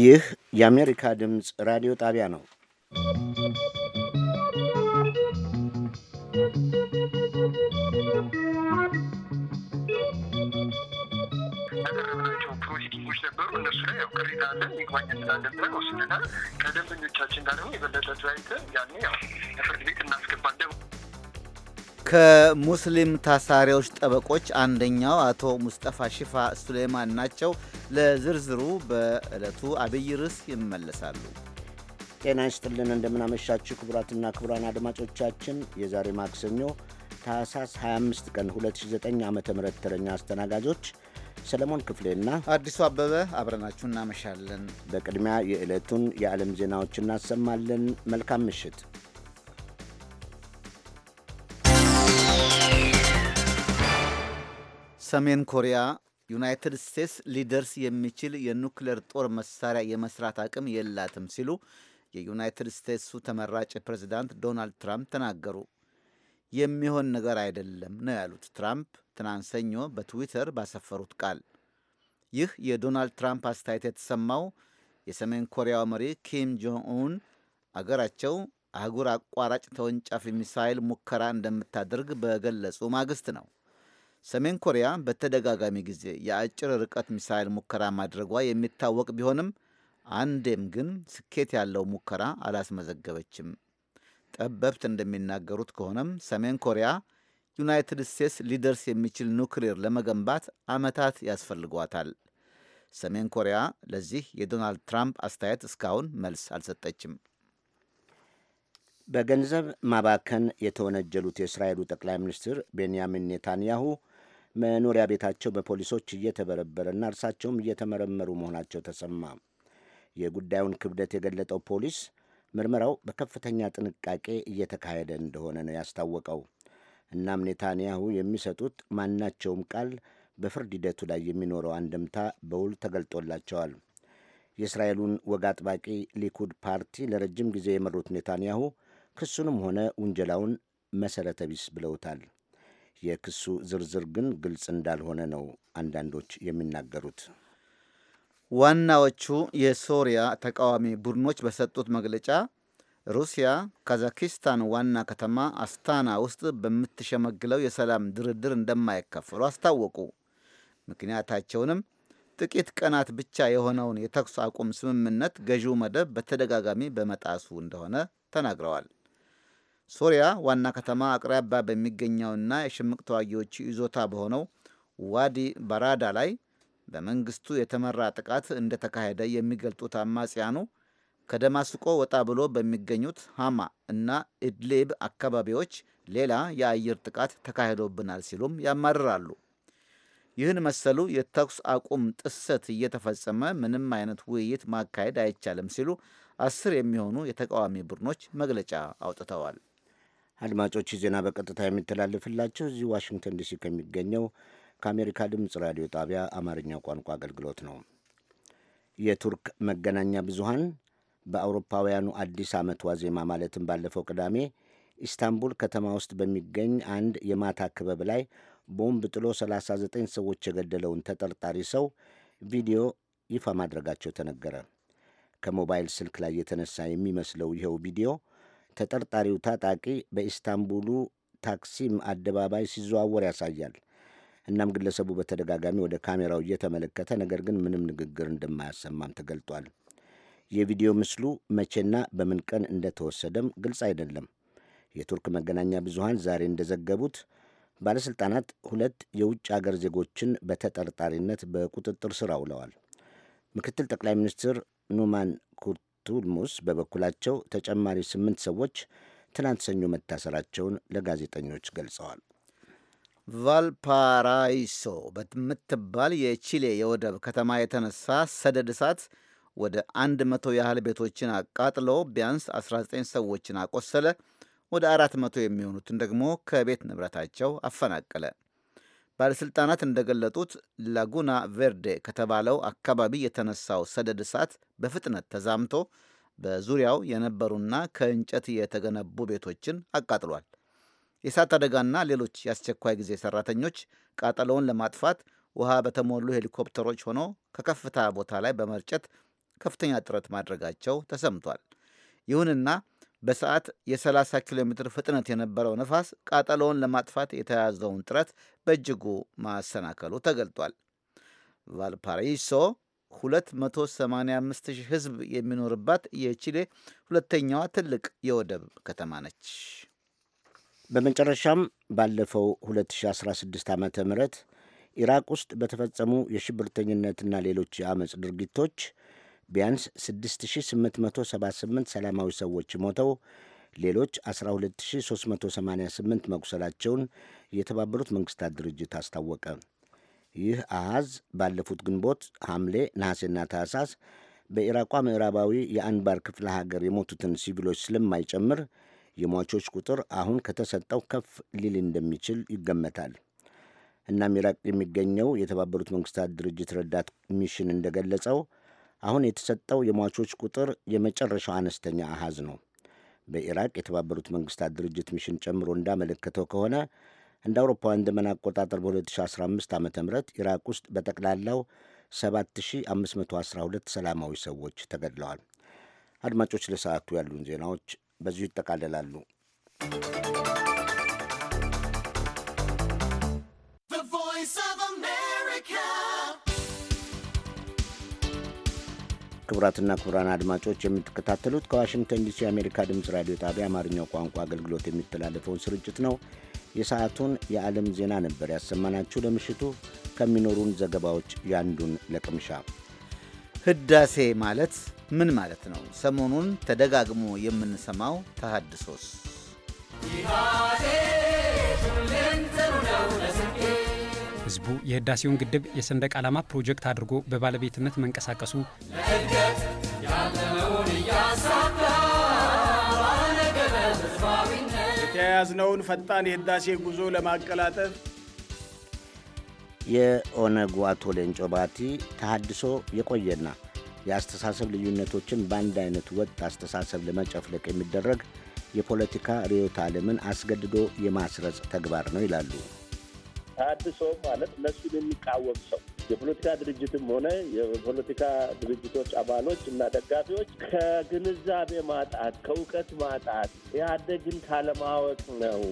ይህ የአሜሪካ ድምፅ ራዲዮ ጣቢያ ነው። ያቀረብናቸው ፕሮሲቲንጎች ነበሩ። ቅሬታ አለን ይግባኝ ስላለን ብለን ወስነናል። ከደንበኞቻችን ጋር ደግሞ የበለጠ ተወያይተን ያኔ ያው ለፍርድ ቤት እናስገባለን። ከሙስሊም ታሳሪዎች ጠበቆች አንደኛው አቶ ሙስጠፋ ሽፋ ሱሌማን ናቸው። ለዝርዝሩ በዕለቱ አብይ ርዕስ ይመለሳሉ። ጤና ይስጥልን፣ እንደምናመሻችሁ ክቡራትና ክቡራን አድማጮቻችን የዛሬ ማክሰኞ ታህሳስ 25 ቀን 2009 ዓ ም ተረኛ አስተናጋጆች ሰለሞን ክፍሌና አዲሱ አበበ አብረናችሁ እናመሻለን። በቅድሚያ የዕለቱን የዓለም ዜናዎች እናሰማለን። መልካም ምሽት። ሰሜን ኮሪያ ዩናይትድ ስቴትስ ሊደርስ የሚችል የኑክሌር ጦር መሳሪያ የመስራት አቅም የላትም ሲሉ የዩናይትድ ስቴትሱ ተመራጭ ፕሬዚዳንት ዶናልድ ትራምፕ ተናገሩ። የሚሆን ነገር አይደለም ነው ያሉት ትራምፕ ትናንት ሰኞ በትዊተር ባሰፈሩት ቃል። ይህ የዶናልድ ትራምፕ አስተያየት የተሰማው የሰሜን ኮሪያው መሪ ኪም ጆን ኡን አገራቸው አህጉር አቋራጭ ተወንጫፊ ሚሳይል ሙከራ እንደምታደርግ በገለጹ ማግስት ነው። ሰሜን ኮሪያ በተደጋጋሚ ጊዜ የአጭር ርቀት ሚሳይል ሙከራ ማድረጓ የሚታወቅ ቢሆንም አንዴም ግን ስኬት ያለው ሙከራ አላስመዘገበችም። ጠበብት እንደሚናገሩት ከሆነም ሰሜን ኮሪያ ዩናይትድ ስቴትስ ሊደርስ የሚችል ኑክሌር ለመገንባት ዓመታት ያስፈልጓታል። ሰሜን ኮሪያ ለዚህ የዶናልድ ትራምፕ አስተያየት እስካሁን መልስ አልሰጠችም። በገንዘብ ማባከን የተወነጀሉት የእስራኤሉ ጠቅላይ ሚኒስትር ቤንያሚን ኔታንያሁ መኖሪያ ቤታቸው በፖሊሶች እየተበረበረና እርሳቸውም እየተመረመሩ መሆናቸው ተሰማ። የጉዳዩን ክብደት የገለጠው ፖሊስ ምርመራው በከፍተኛ ጥንቃቄ እየተካሄደ እንደሆነ ነው ያስታወቀው። እናም ኔታንያሁ የሚሰጡት ማናቸውም ቃል በፍርድ ሂደቱ ላይ የሚኖረው አንድምታ በውል ተገልጦላቸዋል። የእስራኤሉን ወግ አጥባቂ ሊኩድ ፓርቲ ለረጅም ጊዜ የመሩት ኔታንያሁ ክሱንም ሆነ ውንጀላውን መሠረተ ቢስ ብለውታል። የክሱ ዝርዝር ግን ግልጽ እንዳልሆነ ነው አንዳንዶች የሚናገሩት። ዋናዎቹ የሶሪያ ተቃዋሚ ቡድኖች በሰጡት መግለጫ ሩሲያ ካዛኪስታን ዋና ከተማ አስታና ውስጥ በምትሸመግለው የሰላም ድርድር እንደማይከፈሉ አስታወቁ። ምክንያታቸውንም ጥቂት ቀናት ብቻ የሆነውን የተኩስ አቁም ስምምነት ገዢው መደብ በተደጋጋሚ በመጣሱ እንደሆነ ተናግረዋል። ሶሪያ ዋና ከተማ አቅራቢያ በሚገኘውና የሽምቅ ተዋጊዎች ይዞታ በሆነው ዋዲ ባራዳ ላይ በመንግስቱ የተመራ ጥቃት እንደተካሄደ የሚገልጡት አማጽያኑ ከደማስቆ ወጣ ብሎ በሚገኙት ሃማ እና ኢድሊብ አካባቢዎች ሌላ የአየር ጥቃት ተካሂዶብናል ሲሉም ያማርራሉ። ይህን መሰሉ የተኩስ አቁም ጥሰት እየተፈጸመ ምንም አይነት ውይይት ማካሄድ አይቻልም ሲሉ አስር የሚሆኑ የተቃዋሚ ቡድኖች መግለጫ አውጥተዋል። አድማጮች ዜና በቀጥታ የሚተላለፍላቸው እዚህ ዋሽንግተን ዲሲ ከሚገኘው ከአሜሪካ ድምፅ ራዲዮ ጣቢያ አማርኛ ቋንቋ አገልግሎት ነው። የቱርክ መገናኛ ብዙሃን በአውሮፓውያኑ አዲስ ዓመት ዋዜማ ማለትም ባለፈው ቅዳሜ ኢስታንቡል ከተማ ውስጥ በሚገኝ አንድ የማታ ክበብ ላይ ቦምብ ጥሎ 39 ሰዎች የገደለውን ተጠርጣሪ ሰው ቪዲዮ ይፋ ማድረጋቸው ተነገረ። ከሞባይል ስልክ ላይ የተነሳ የሚመስለው ይኸው ቪዲዮ ተጠርጣሪው ታጣቂ በኢስታንቡሉ ታክሲም አደባባይ ሲዘዋወር ያሳያል። እናም ግለሰቡ በተደጋጋሚ ወደ ካሜራው እየተመለከተ ነገር ግን ምንም ንግግር እንደማያሰማም ተገልጧል። የቪዲዮ ምስሉ መቼና በምን ቀን እንደተወሰደም ግልጽ አይደለም። የቱርክ መገናኛ ብዙሃን ዛሬ እንደዘገቡት ባለሥልጣናት ሁለት የውጭ አገር ዜጎችን በተጠርጣሪነት በቁጥጥር ስር አውለዋል። ምክትል ጠቅላይ ሚኒስትር ኑማን ኩርት ቱልሙስ በበኩላቸው ተጨማሪ ስምንት ሰዎች ትናንት ሰኞ መታሰራቸውን ለጋዜጠኞች ገልጸዋል። ቫልፓራይሶ በምትባል የቺሌ የወደብ ከተማ የተነሳ ሰደድ እሳት ወደ አንድ መቶ ያህል ቤቶችን አቃጥሎ ቢያንስ 19 ሰዎችን አቆሰለ፣ ወደ 400 መቶ የሚሆኑትን ደግሞ ከቤት ንብረታቸው አፈናቀለ። ባለሥልጣናት እንደገለጡት ላጉና ቬርዴ ከተባለው አካባቢ የተነሳው ሰደድ እሳት በፍጥነት ተዛምቶ በዙሪያው የነበሩና ከእንጨት የተገነቡ ቤቶችን አቃጥሏል። የእሳት አደጋና ሌሎች የአስቸኳይ ጊዜ ሰራተኞች ቃጠሎውን ለማጥፋት ውሃ በተሞሉ ሄሊኮፕተሮች ሆኖ ከከፍታ ቦታ ላይ በመርጨት ከፍተኛ ጥረት ማድረጋቸው ተሰምቷል። ይሁንና በሰዓት የ30 ኪሎ ሜትር ፍጥነት የነበረው ነፋስ ቃጠሎውን ለማጥፋት የተያዘውን ጥረት በእጅጉ ማሰናከሉ ተገልጧል። ቫልፓራይሶ 285 ሺህ ሕዝብ የሚኖርባት የቺሌ ሁለተኛዋ ትልቅ የወደብ ከተማ ነች። በመጨረሻም ባለፈው 2016 ዓ ም ኢራቅ ውስጥ በተፈጸሙ የሽብርተኝነትና ሌሎች የአመፅ ድርጊቶች ቢያንስ 6878 ሰላማዊ ሰዎች ሞተው ሌሎች 12388 መቁሰላቸውን የተባበሩት መንግስታት ድርጅት አስታወቀ። ይህ አሃዝ ባለፉት ግንቦት፣ ሐምሌ፣ ነሐሴና ታህሳስ በኢራቋ ምዕራባዊ የአንባር ክፍለ ሀገር የሞቱትን ሲቪሎች ስለማይጨምር የሟቾች ቁጥር አሁን ከተሰጠው ከፍ ሊል እንደሚችል ይገመታል። እናም ኢራቅ የሚገኘው የተባበሩት መንግስታት ድርጅት ረዳት ሚሽን እንደገለጸው አሁን የተሰጠው የሟቾች ቁጥር የመጨረሻው አነስተኛ አሃዝ ነው። በኢራቅ የተባበሩት መንግስታት ድርጅት ሚሽን ጨምሮ እንዳመለከተው ከሆነ እንደ አውሮፓውያን ዘመን አቆጣጠር በ2015 ዓ ም ኢራቅ ውስጥ በጠቅላላው 7512 ሰላማዊ ሰዎች ተገድለዋል። አድማጮች፣ ለሰዓቱ ያሉን ዜናዎች በዚሁ ይጠቃልላሉ። ክቡራትና ክቡራን አድማጮች የምትከታተሉት ከዋሽንግተን ዲሲ የአሜሪካ ድምፅ ራዲዮ ጣቢያ አማርኛው ቋንቋ አገልግሎት የሚተላለፈውን ስርጭት ነው። የሰዓቱን የዓለም ዜና ነበር ያሰማናችሁ። ለምሽቱ ከሚኖሩን ዘገባዎች ያንዱን ለቅምሻ። ህዳሴ ማለት ምን ማለት ነው? ሰሞኑን ተደጋግሞ የምንሰማው ተሃድሶስ ህዝቡ የህዳሴውን ግድብ የሰንደቅ ዓላማ ፕሮጀክት አድርጎ በባለቤትነት መንቀሳቀሱ ለእድገት ያለመውን እያሳካ የተያያዝነውን ፈጣን የህዳሴ ጉዞ ለማቀላጠፍ የኦነጉ አቶ ሌንጮ ባቲ ተሃድሶ የቆየና የአስተሳሰብ ልዩነቶችን በአንድ አይነት ወጥ አስተሳሰብ ለመጨፍለቅ የሚደረግ የፖለቲካ ርዕዮተ ዓለምን አስገድዶ የማስረጽ ተግባር ነው ይላሉ። ታድሶ ማለት እነሱን የሚቃወም ሰው የፖለቲካ ድርጅትም ሆነ የፖለቲካ ድርጅቶች አባሎች እና ደጋፊዎች ከግንዛቤ ማጣት ከእውቀት ማጣት የአደግን ካለማወቅ ነው።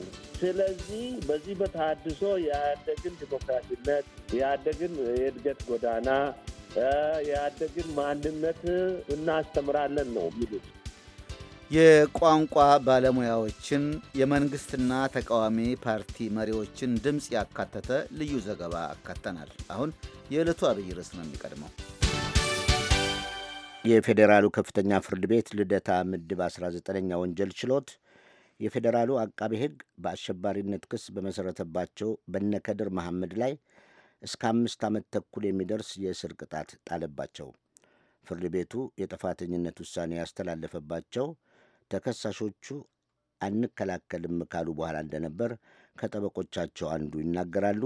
ስለዚህ በዚህ በታድሶ የኢህአዴግን ዲሞክራሲነት፣ የኢህአዴግን የእድገት ጎዳና፣ የአደግን ማንነት እናስተምራለን ነው የሚሉት። የቋንቋ ባለሙያዎችን የመንግስትና ተቃዋሚ ፓርቲ መሪዎችን ድምፅ ያካተተ ልዩ ዘገባ አካተናል። አሁን የዕለቱ አብይ ርዕስ ነው የሚቀድመው። የፌዴራሉ ከፍተኛ ፍርድ ቤት ልደታ ምድብ 19ኛ ወንጀል ችሎት የፌዴራሉ አቃቤ ሕግ በአሸባሪነት ክስ በመሠረተባቸው በነከድር መሐመድ ላይ እስከ አምስት ዓመት ተኩል የሚደርስ የእስር ቅጣት ጣለባቸው። ፍርድ ቤቱ የጥፋተኝነት ውሳኔ ያስተላለፈባቸው ተከሳሾቹ አንከላከልም ካሉ በኋላ እንደነበር ከጠበቆቻቸው አንዱ ይናገራሉ።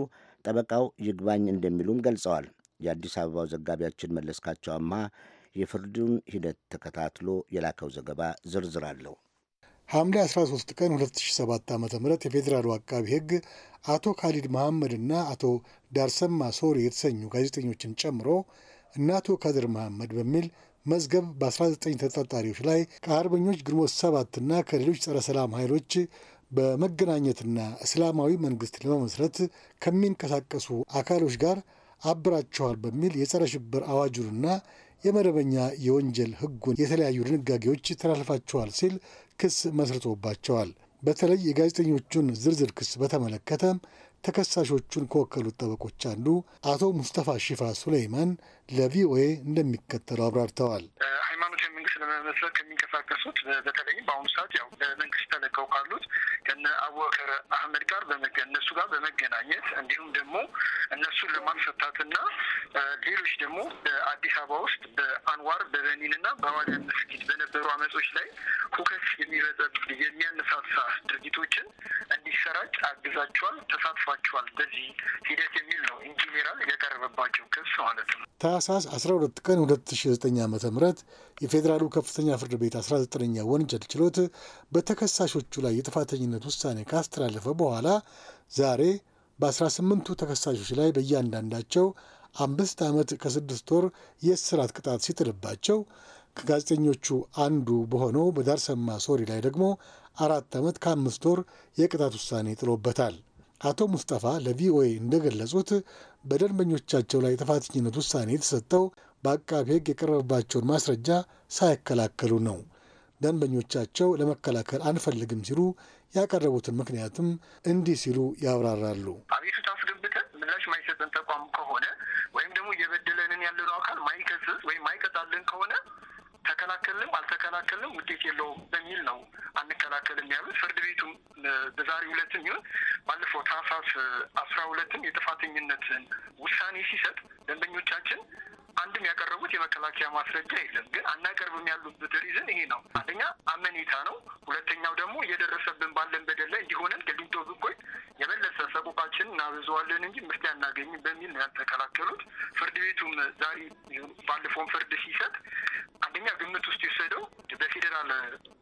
ጠበቃው ይግባኝ እንደሚሉም ገልጸዋል። የአዲስ አበባው ዘጋቢያችን መለስካቸው አማ የፍርዱን ሂደት ተከታትሎ የላከው ዘገባ ዝርዝር አለው። ሐምሌ 13 ቀን 2007 ዓ ም የፌዴራሉ አቃቢ ሕግ አቶ ካሊድ መሐመድና አቶ ዳርሰማ ሶሪ የተሰኙ ጋዜጠኞችን ጨምሮ እነ አቶ ካድር መሐመድ በሚል መዝገብ በ19 ተጠርጣሪዎች ላይ ከአርበኞች ግንቦት ሰባትና ከሌሎች ጸረ ሰላም ኃይሎች በመገናኘትና እስላማዊ መንግስት ለመመስረት ከሚንቀሳቀሱ አካሎች ጋር አብራቸዋል በሚል የጸረ ሽብር አዋጁንና የመደበኛ የወንጀል ህጉን የተለያዩ ድንጋጌዎች ተላልፋቸዋል ሲል ክስ መስርቶባቸዋል። በተለይ የጋዜጠኞቹን ዝርዝር ክስ በተመለከተ ተከሳሾቹን ከወከሉት ጠበቆች አንዱ አቶ ሙስጠፋ ሺፋ ሱሌይማን ለቪኦኤ እንደሚከተለው አብራርተዋል። ሃይማኖት መንግስት ለመመስረት ከሚንቀሳቀሱት በተለይም በአሁኑ ሰዓት ያው በመንግስት ተለቀው ካሉት ከነ አቡበከር አህመድ ጋር እነሱ ጋር በመገናኘት እንዲሁም ደግሞ እነሱን ለማስፈታትና ሌሎች ደግሞ በአዲስ አበባ ውስጥ በአንዋር በበኒንና በአዋሊያ መስጊድ በነበሩ አመጾች ላይ ሁከት የሚበጠብ የሚያነሳሳ ድርጊቶችን እንዲሰራጭ አግዛቸዋል፣ ተሳትፏቸዋል በዚህ ሂደት የሚል ነው ኢንጂኔራል ያቀረበባቸው ክስ ማለት ነው። ታህሳስ 12 ቀን 2009 ዓ ም የፌዴራሉ ከፍተኛ ፍርድ ቤት 19ኛ ወንጀል ችሎት በተከሳሾቹ ላይ የጥፋተኝነት ውሳኔ ካስተላለፈ በኋላ ዛሬ በ18ቱ ተከሳሾች ላይ በእያንዳንዳቸው አምስት ዓመት ከስድስት ወር የእስራት ቅጣት ሲጥልባቸው ከጋዜጠኞቹ አንዱ በሆነው በዳርሰማ ሶሪ ላይ ደግሞ አራት ዓመት ከአምስት ወር የቅጣት ውሳኔ ጥሎበታል። አቶ ሙስጠፋ ለቪኦኤ እንደገለጹት በደንበኞቻቸው ላይ የጥፋተኝነት ውሳኔ የተሰጠው በአቃቢ ሕግ የቀረበባቸውን ማስረጃ ሳይከላከሉ ነው። ደንበኞቻቸው ለመከላከል አንፈልግም ሲሉ ያቀረቡትን ምክንያትም እንዲህ ሲሉ ያብራራሉ። አቤቱታ አስገብተን ምላሽ ማይሰጠን ተቋም ከሆነ ወይም ደግሞ እየበደለንን ያለነው አካል ማይከስስ ወይም ማይቀጣልን ከሆነ ተከላከልንም አልተከላከልንም ውጤት የለውም በሚል ነው አንከላከልም ያሉት። ፍርድ ቤቱም በዛሬ ሁለትም ይሁን ባለፈው ታህሳስ አስራ ሁለትም የጥፋተኝነትን ውሳኔ ሲሰጥ ደንበኞቻችን አንድም ያቀረቡት የመከላከያ ማስረጃ የለም። ግን አናቀርብም ያሉበት ሪዝን ይሄ ነው። አንደኛ አመኔታ ነው። ሁለተኛው ደግሞ እየደረሰብን ባለን በደል ላይ እንዲሆነን ቅሊንጦ ዝጎይ የመለሰ ሰቆቃችን እናብዘዋለን እንጂ መፍትሄ አናገኝም በሚል ነው ያልተከላከሉት። ፍርድ ቤቱም ዛሬ ባለፈውን ፍርድ ሲሰጥ አንደኛ ግምት ውስጥ የወሰደው በፌዴራል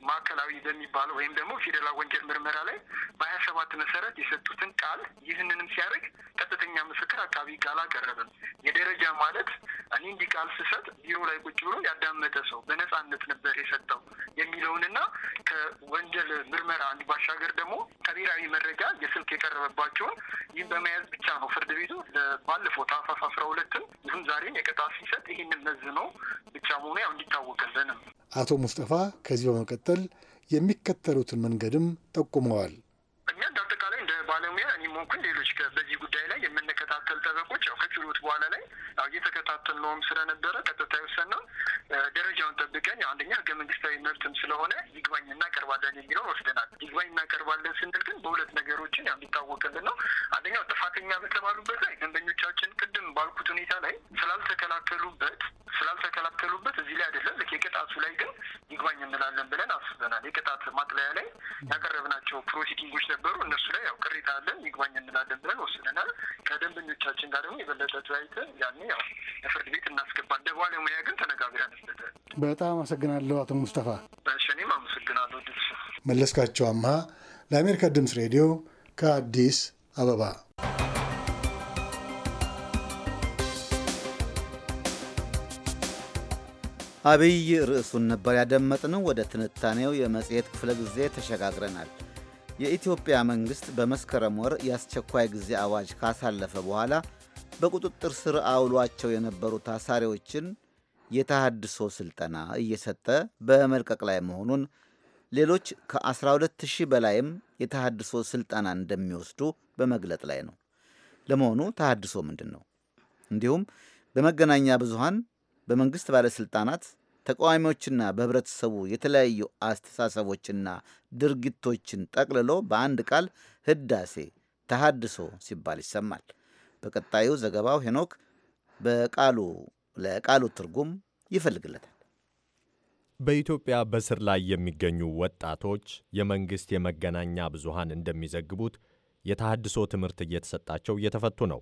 ማዕከላዊ በሚባለው ወይም ደግሞ ፌዴራል ወንጀል ምርመራ ላይ በሀያ ሰባት መሰረት የሰጡትን ቃል ይህንንም ሲያደርግ ቀጥተኛ ምስክር አቃቢ ቃል አቀረበም የደረጃ ማለት እኔ እንዲህ ቃል ስሰጥ ቢሮ ላይ ቁጭ ብሎ ያዳመጠ ሰው በነጻነት ነበር የሰጠው የሚለውንና ከወንጀል ምርመራ አንድ ባሻገር ደግሞ ከብሔራዊ መረጃ የስልክ የቀረበባቸውን ይህን በመያዝ ብቻ ነው ፍርድ ቤቱ ባለፈው ታህሳስ አስራ ሁለትም ይህም ዛሬም የቅጣት ሲሰጥ ይህን መዝ ነው ብቻ መሆኑ ያው እንዲታወቅልን አቶ ሙስጠፋ ከዚህ በመቀጠል የሚከተሉትን መንገድም ጠቁመዋል። እኛ እንደ አጠቃላይ እንደ ባለሙያ እኔም ሆንኩኝ ሌሎች በዚህ ጉዳይ ላይ የምንከታተል ጠበቆች ያው ከችሎት በኋላ ላይ ያው ነውም ስለነበረ ቀጥታ የወሰንነው ደረጃውን ጠብቀን ያው አንደኛ ህገ መንግስታዊ መብትም ስለሆነ ይግባኝ እናቀርባለን የሚለውን ወስደናል። ይግባኝ እናቀርባለን ስንል ግን በሁለት ነገሮችን ያው የሚታወቅልን ነው። አንደኛው ጥፋተኛ በተባሉበት ላይ ደንበኞቻችን ቅድም ባልኩት ሁኔታ ላይ ስላልተከላከሉበት ስላልተከላከሉበት እዚህ ላይ አይደለም ልክ የቅጣቱ ላይ ግን ይግባኝ እንላለን ብለን አስበናል። የቅጣት ማቅለያ ላይ ያቀረብናቸው ፕሮሲዲንጎች ነበሩ። እነሱ ላይ ያው ቅሬታ አለን፣ ይግባኝ እንላለን ብለን ወስደናል። ከደንበኞቻችን ጋር ደግሞ የበለጠ ተወያይተን ያኔ ያው ፍርድ ቤት እናስገባል። እንደ ባለሙያ ግን ተነጋግረን ነበረ። በጣም አመሰግናለሁ አቶ ሙስጠፋ። በሸኔም አመሰግናለሁ። መለስካቸው አምሃ ለአሜሪካ ድምፅ ሬዲዮ ከአዲስ አበባ። አብይ ርዕሱን ነበር ያደመጥነው። ወደ ትንታኔው የመጽሔት ክፍለ ጊዜ ተሸጋግረናል። የኢትዮጵያ መንግሥት በመስከረም ወር የአስቸኳይ ጊዜ አዋጅ ካሳለፈ በኋላ በቁጥጥር ስር አውሏቸው የነበሩ ታሳሪዎችን የተሃድሶ ስልጠና እየሰጠ በመልቀቅ ላይ መሆኑን ሌሎች ከ12 በላይም የተሃድሶ ስልጠና እንደሚወስዱ በመግለጥ ላይ ነው። ለመሆኑ ተሃድሶ ምንድን ነው? እንዲሁም በመገናኛ ብዙሃን በመንግሥት ባለሥልጣናት ተቃዋሚዎችና በህብረተሰቡ የተለያዩ አስተሳሰቦችና ድርጊቶችን ጠቅልሎ በአንድ ቃል ህዳሴ ተሃድሶ ሲባል ይሰማል። በቀጣዩ ዘገባው ሄኖክ በቃሉ ለቃሉ ትርጉም ይፈልግለታል። በኢትዮጵያ በስር ላይ የሚገኙ ወጣቶች የመንግሥት የመገናኛ ብዙሃን እንደሚዘግቡት የተሃድሶ ትምህርት እየተሰጣቸው እየተፈቱ ነው።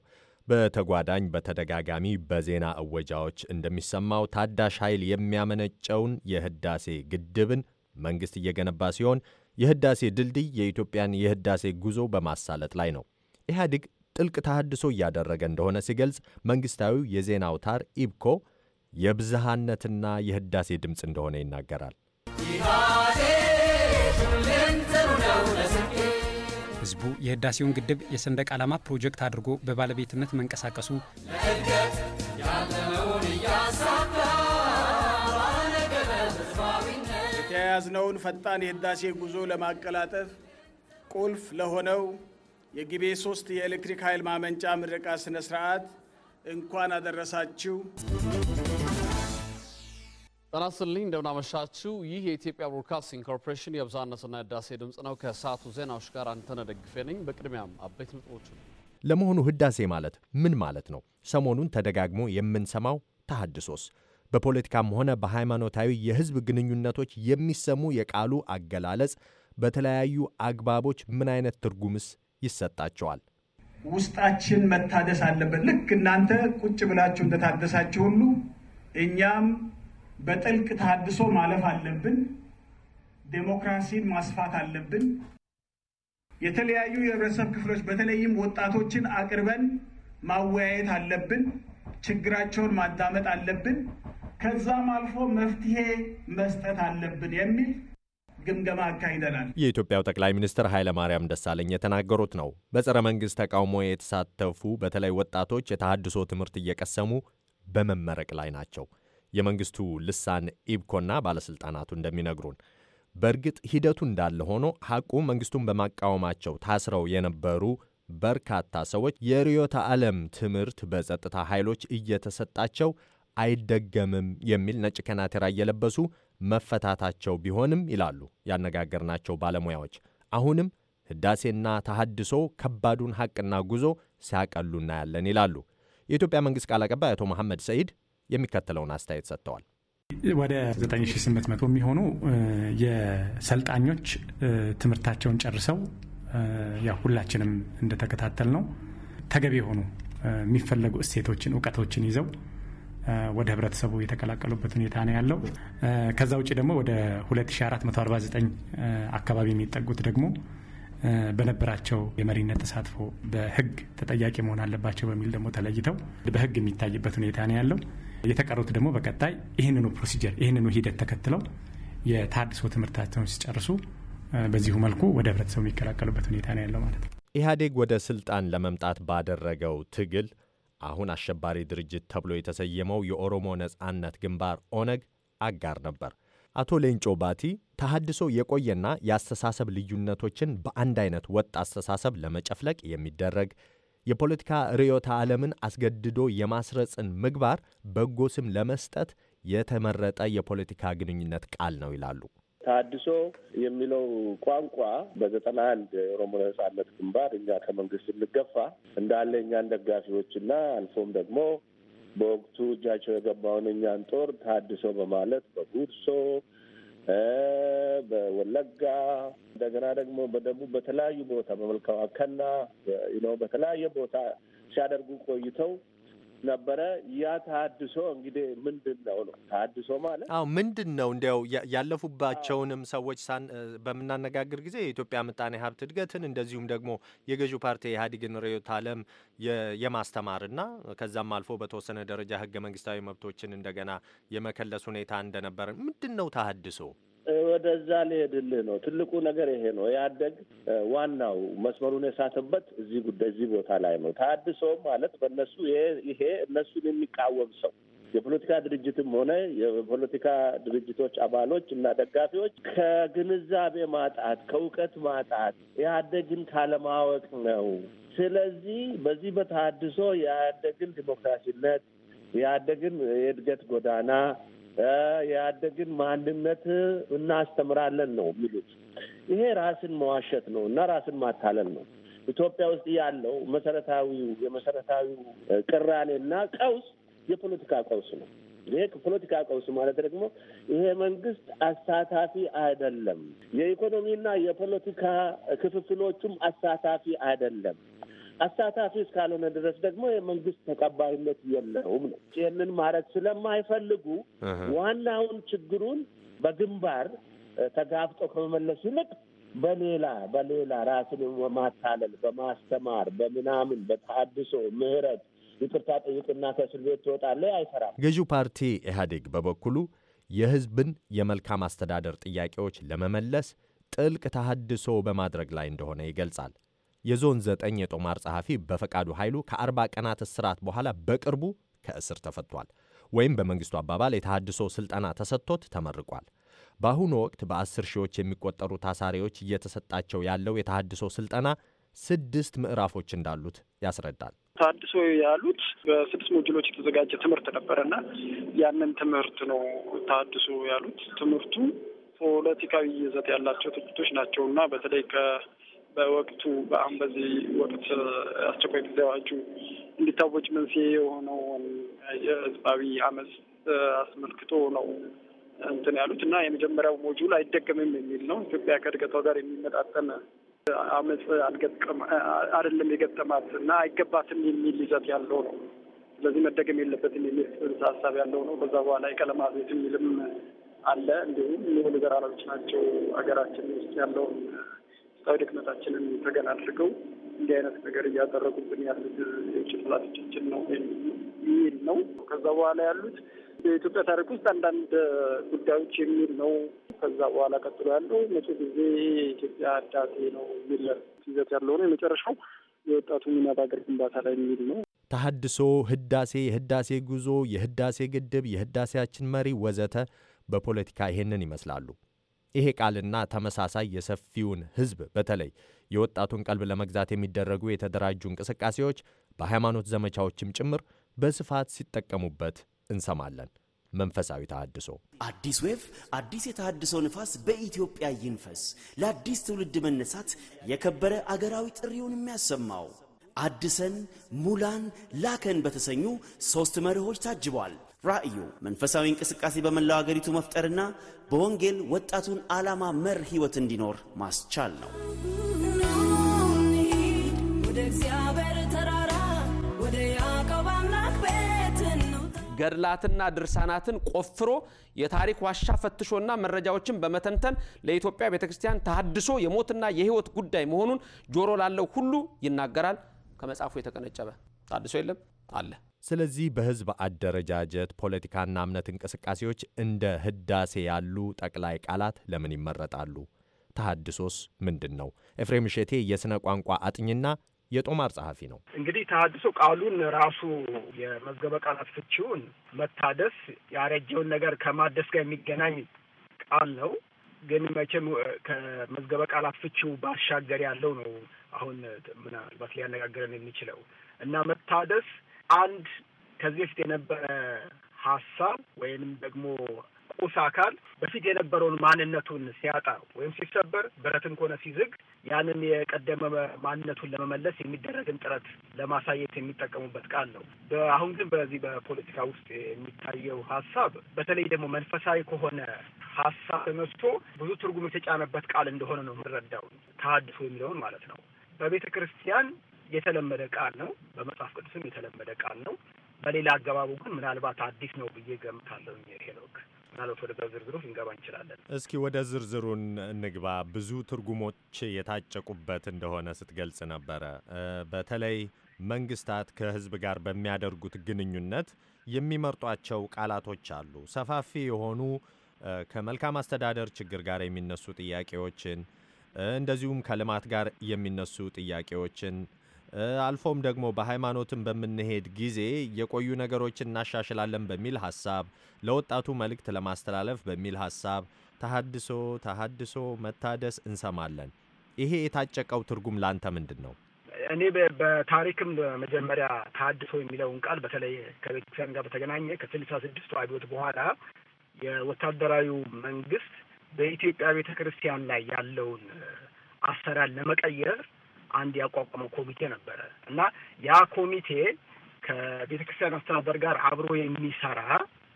በተጓዳኝ በተደጋጋሚ በዜና እወጃዎች እንደሚሰማው ታዳሽ ኃይል የሚያመነጨውን የህዳሴ ግድብን መንግሥት እየገነባ ሲሆን የህዳሴ ድልድይ የኢትዮጵያን የህዳሴ ጉዞ በማሳለጥ ላይ ነው። ኢህአዲግ ጥልቅ ተሃድሶ እያደረገ እንደሆነ ሲገልጽ፣ መንግሥታዊው የዜና አውታር ኢብኮ የብዝሃነትና የህዳሴ ድምፅ እንደሆነ ይናገራል። ህዝቡ የህዳሴውን ግድብ የሰንደቅ ዓላማ ፕሮጀክት አድርጎ በባለቤትነት መንቀሳቀሱ የተያያዝነውን ፈጣን የህዳሴ ጉዞ ለማቀላጠፍ ቁልፍ ለሆነው የግቤ ሶስት የኤሌክትሪክ ኃይል ማመንጫ ምረቃ ስነ ስርዓት እንኳን አደረሳችሁ። ጤና ይስጥልኝ እንደምናመሻችሁ። ይህ የኢትዮጵያ ብሮድካስቲንግ ኮርፖሬሽን የብዛነትና የህዳሴ ድምፅ ነው። ከሰዓቱ ዜናዎች ጋር አንተነህ ደግፌ ነኝ። በቅድሚያም አበይት ነጥቦች። ለመሆኑ ህዳሴ ማለት ምን ማለት ነው? ሰሞኑን ተደጋግሞ የምንሰማው ተሃድሶስ በፖለቲካም ሆነ በሃይማኖታዊ የህዝብ ግንኙነቶች የሚሰሙ የቃሉ አገላለጽ በተለያዩ አግባቦች ምን አይነት ትርጉምስ ይሰጣቸዋል? ውስጣችን መታደስ አለበት። ልክ እናንተ ቁጭ ብላችሁ እንደታደሳችሁ ሁሉ እኛም በጥልቅ ተሃድሶ ማለፍ አለብን። ዴሞክራሲን ማስፋት አለብን። የተለያዩ የህብረተሰብ ክፍሎች በተለይም ወጣቶችን አቅርበን ማወያየት አለብን። ችግራቸውን ማዳመጥ አለብን። ከዛም አልፎ መፍትሄ መስጠት አለብን የሚል ግምገማ አካሂደናል። የኢትዮጵያው ጠቅላይ ሚኒስትር ኃይለማርያም ደሳለኝ የተናገሩት ነው። በጸረ መንግስት ተቃውሞ የተሳተፉ በተለይ ወጣቶች የተሃድሶ ትምህርት እየቀሰሙ በመመረቅ ላይ ናቸው። የመንግስቱ ልሳን ኢብኮና ባለሥልጣናቱ እንደሚነግሩን በእርግጥ ሂደቱ እንዳለ ሆኖ ሐቁ መንግስቱን በማቃወማቸው ታስረው የነበሩ በርካታ ሰዎች የርዕዮተ ዓለም ትምህርት በጸጥታ ኃይሎች እየተሰጣቸው አይደገምም የሚል ነጭ ከናቴራ እየለበሱ መፈታታቸው ቢሆንም ይላሉ ያነጋገርናቸው ባለሙያዎች፣ አሁንም ህዳሴና ተሃድሶ ከባዱን ሐቅና ጉዞ ሲያቀሉ እናያለን ይላሉ። የኢትዮጵያ መንግሥት ቃል አቀባይ አቶ መሐመድ ሰኢድ የሚከተለውን አስተያየት ሰጥተዋል። ወደ 9800 የሚሆኑ የሰልጣኞች ትምህርታቸውን ጨርሰው ያው ሁላችንም እንደተከታተል ነው ተገቢ የሆኑ የሚፈለጉ እሴቶችን እውቀቶችን ይዘው ወደ ህብረተሰቡ የተቀላቀሉበት ሁኔታ ነው ያለው። ከዛ ውጭ ደግሞ ወደ 2449 አካባቢ የሚጠጉት ደግሞ በነበራቸው የመሪነት ተሳትፎ በህግ ተጠያቂ መሆን አለባቸው በሚል ደግሞ ተለይተው በህግ የሚታይበት ሁኔታ ነው ያለው። የተቀሩት ደግሞ በቀጣይ ይህንኑ ፕሮሲጀር ይህንኑ ሂደት ተከትለው የታድሶ ትምህርታቸውን ሲጨርሱ በዚሁ መልኩ ወደ ህብረተሰቡ የሚቀላቀሉበት ሁኔታ ነው ያለው ማለት ነው። ኢህአዴግ ወደ ስልጣን ለመምጣት ባደረገው ትግል አሁን አሸባሪ ድርጅት ተብሎ የተሰየመው የኦሮሞ ነጻነት ግንባር ኦነግ አጋር ነበር። አቶ ሌንጮ ባቲ ተሃድሶ የቆየና የአስተሳሰብ ልዩነቶችን በአንድ አይነት ወጥ አስተሳሰብ ለመጨፍለቅ የሚደረግ የፖለቲካ ርዕዮተ ዓለምን አስገድዶ የማስረጽን ምግባር በጎ ስም ለመስጠት የተመረጠ የፖለቲካ ግንኙነት ቃል ነው ይላሉ። ታድሶ የሚለው ቋንቋ በዘጠና አንድ የኦሮሞ ነጻነት ግንባር እኛ ከመንግስት እንገፋ እንዳለ እኛን ደጋፊዎችና አልፎም ደግሞ በወቅቱ እጃቸው የገባውን እኛን ጦር ታድሶ በማለት በጉድሶ በወለጋ እንደገና ደግሞ በደቡብ በተለያዩ ቦታ በመልካም አከና ነው በተለያየ ቦታ ሲያደርጉ ቆይተው ነበረ። ያ ተሀድሶ እንግዲህ ምንድን ነው ነው ተሀድሶ ማለት አዎ ምንድን ነው? እንዲያው ያለፉባቸውንም ሰዎች በምናነጋግር ጊዜ የኢትዮጵያ ምጣኔ ሀብት እድገትን እንደዚሁም ደግሞ የገዢው ፓርቲ የኢህአዴግን ርዕዮተ ዓለም የማስተማርና ከዛም አልፎ በተወሰነ ደረጃ ህገ መንግስታዊ መብቶችን እንደገና የመከለስ ሁኔታ እንደነበረ ምንድን ነው ተሀድሶ? ወደዛ ሊሄድልህ ነው። ትልቁ ነገር ይሄ ነው። ያደግ ዋናው መስመሩን የሳተበት እዚህ ጉዳይ እዚህ ቦታ ላይ ነው። ታድሶ ማለት በእነሱ ይሄ እነሱን የሚቃወም ሰው የፖለቲካ ድርጅትም ሆነ የፖለቲካ ድርጅቶች አባሎች እና ደጋፊዎች ከግንዛቤ ማጣት ከእውቀት ማጣት ኢህአዴግን ካለማወቅ ነው። ስለዚህ በዚህ በተሃድሶ የኢህአዴግን ዲሞክራሲነት የኢህአዴግን የእድገት ጎዳና የአደግን ማንነት እናስተምራለን ነው የሚሉት። ይሄ ራስን መዋሸት ነው እና ራስን ማታለል ነው። ኢትዮጵያ ውስጥ ያለው መሰረታዊው የመሰረታዊው እና ቀውስ የፖለቲካ ቀውስ ነው። ይሄ ፖለቲካ ቀውስ ማለት ደግሞ ይሄ መንግስት አሳታፊ አይደለም፣ የኢኮኖሚና የፖለቲካ ክፍፍሎቹም አሳታፊ አይደለም። አሳታፊ እስካልሆነ ድረስ ደግሞ የመንግስት ተቀባይነት የለውም ነው። ይህንን ማድረግ ስለማይፈልጉ ዋናውን ችግሩን በግንባር ተጋፍጦ ከመመለሱ ይልቅ በሌላ በሌላ ራስን በማታለል በማስተማር በምናምን በተሀድሶ ምህረት፣ ይቅርታ ጠይቅና ከእስር ቤት ትወጣለህ አይሰራም። ገዢው ፓርቲ ኢህአዴግ በበኩሉ የህዝብን የመልካም አስተዳደር ጥያቄዎች ለመመለስ ጥልቅ ተሀድሶ በማድረግ ላይ እንደሆነ ይገልጻል። የዞን ዘጠኝ የጦማር ጸሐፊ በፈቃዱ ኃይሉ ከአርባ ቀናት እስራት በኋላ በቅርቡ ከእስር ተፈቷል ወይም በመንግስቱ አባባል የተሃድሶ ስልጠና ተሰጥቶት ተመርቋል። በአሁኑ ወቅት በአስር ሺዎች የሚቆጠሩ ታሳሪዎች እየተሰጣቸው ያለው የተሃድሶ ስልጠና ስድስት ምዕራፎች እንዳሉት ያስረዳል። ታድሶ ያሉት በስድስት ሞጁሎች የተዘጋጀ ትምህርት ነበረና ያንን ትምህርት ነው ታድሶ ያሉት። ትምህርቱ ፖለቲካዊ ይዘት ያላቸው ትችቶች ናቸው እና በተለይ በወቅቱ በአሁን በዚህ ወቅት አስቸኳይ ጊዜ አዋጁ እንዲታወጅ መንስኤ የሆነውን የህዝባዊ አመፅ አስመልክቶ ነው እንትን ያሉት እና የመጀመሪያው ሞጁል አይደገምም የሚል ነው። ኢትዮጵያ ከእድገቷ ጋር የሚመጣጠን አመፅ አልገጠም አይደለም የገጠማት እና አይገባትም የሚል ይዘት ያለው ነው። ስለዚህ መደገም የለበትም የሚል ጽንሰ ሀሳብ ያለው ነው። በዛ በኋላ የቀለማ ቤት የሚልም አለ። እንዲሁም የሆኑ ናቸው ሀገራችን ውስጥ ያለውን ውስጣዊ ድክመታችንን ተገን አድርገው እንዲህ አይነት ነገር እያደረጉብን ያሉት የውጭ ነው የሚል ነው። ከዛ በኋላ ያሉት በኢትዮጵያ ታሪክ ውስጥ አንዳንድ ጉዳዮች የሚል ነው። ከዛ በኋላ ቀጥሎ ያለው መቶ ጊዜ የኢትዮጵያ ህዳሴ ነው የሚል ይዘት ያለው ነው። የመጨረሻው የወጣቱ ሚና በሀገር ግንባታ ላይ የሚል ነው። ተሀድሶ፣ ህዳሴ፣ የህዳሴ ጉዞ፣ የህዳሴ ግድብ፣ የህዳሴያችን መሪ ወዘተ በፖለቲካ ይሄንን ይመስላሉ። ይሄ ቃልና ተመሳሳይ የሰፊውን ሕዝብ በተለይ የወጣቱን ቀልብ ለመግዛት የሚደረጉ የተደራጁ እንቅስቃሴዎች በሃይማኖት ዘመቻዎችም ጭምር በስፋት ሲጠቀሙበት እንሰማለን። መንፈሳዊ ተሃድሶ አዲስ ዌቭ አዲስ የተሃድሶ ንፋስ በኢትዮጵያ ይንፈስ። ለአዲስ ትውልድ መነሳት የከበረ አገራዊ ጥሪውን የሚያሰማው አድሰን ሙላን ላከን በተሰኙ ሦስት መርሆች ታጅቧል። ራእዩ መንፈሳዊ እንቅስቃሴ በመላው አገሪቱ መፍጠርና በወንጌል ወጣቱን ዓላማ መር ሕይወት እንዲኖር ማስቻል ነው። ገድላትና ድርሳናትን ቆፍሮ የታሪክ ዋሻ ፈትሾና መረጃዎችን በመተንተን ለኢትዮጵያ ቤተ ክርስቲያን ተሐድሶ የሞትና የህይወት ጉዳይ መሆኑን ጆሮ ላለው ሁሉ ይናገራል። ከመጽሐፉ የተቀነጨበ ተሐድሶ የለም አለ። ስለዚህ በሕዝብ አደረጃጀት፣ ፖለቲካና እምነት እንቅስቃሴዎች እንደ ህዳሴ ያሉ ጠቅላይ ቃላት ለምን ይመረጣሉ? ተሃድሶስ ምንድን ነው? ኤፍሬም ሼቴ የሥነ ቋንቋ አጥኝና የጦማር ጸሐፊ ነው። እንግዲህ ተሃድሶ ቃሉን ራሱ የመዝገበ ቃላት ፍቺውን መታደስ ያረጀውን ነገር ከማደስ ጋር የሚገናኝ ቃል ነው። ግን መቼም ከመዝገበ ቃላት ፍቺው ባሻገር ያለው ነው። አሁን ምናልባት ሊያነጋግረን የሚችለው እና መታደስ አንድ ከዚህ በፊት የነበረ ሀሳብ ወይንም ደግሞ ቁስ አካል በፊት የነበረውን ማንነቱን ሲያጣ ወይም ሲሰበር ብረትን ከሆነ ሲዝግ ያንን የቀደመ ማንነቱን ለመመለስ የሚደረግን ጥረት ለማሳየት የሚጠቀሙበት ቃል ነው። አሁን ግን በዚህ በፖለቲካ ውስጥ የሚታየው ሀሳብ በተለይ ደግሞ መንፈሳዊ ከሆነ ሀሳብ ተነስቶ ብዙ ትርጉም የተጫነበት ቃል እንደሆነ ነው የምንረዳው። ተሐድሶ የሚለውን ማለት ነው። በቤተ ክርስቲያን የተለመደ ቃል ነው። በመጽሐፍ ቅዱስም የተለመደ ቃል ነው። በሌላ አገባቡ ግን ምናልባት አዲስ ነው ብዬ ገምታለሁ። ሄኖክ ምናልባት ወደ ዝርዝሩ ልንገባ እንችላለን። እስኪ ወደ ዝርዝሩን እንግባ። ብዙ ትርጉሞች የታጨቁበት እንደሆነ ስትገልጽ ነበረ። በተለይ መንግስታት ከህዝብ ጋር በሚያደርጉት ግንኙነት የሚመርጧቸው ቃላቶች አሉ። ሰፋፊ የሆኑ ከመልካም አስተዳደር ችግር ጋር የሚነሱ ጥያቄዎችን እንደዚሁም ከልማት ጋር የሚነሱ ጥያቄዎችን አልፎም ደግሞ በሃይማኖትም በምንሄድ ጊዜ የቆዩ ነገሮችን እናሻሽላለን በሚል ሀሳብ ለወጣቱ መልእክት ለማስተላለፍ በሚል ሀሳብ ተሃድሶ ተሃድሶ መታደስ እንሰማለን። ይሄ የታጨቀው ትርጉም ለአንተ ምንድን ነው? እኔ በታሪክም መጀመሪያ ተሃድሶ የሚለውን ቃል በተለይ ከቤተክርስቲያን ጋር በተገናኘ ከስልሳ ስድስቱ አብዮት በኋላ የወታደራዊ መንግስት በኢትዮጵያ ቤተ ክርስቲያን ላይ ያለውን አሰራር ለመቀየር አንድ ያቋቋመው ኮሚቴ ነበረ እና ያ ኮሚቴ ከቤተ ክርስቲያን አስተዳደር ጋር አብሮ የሚሰራ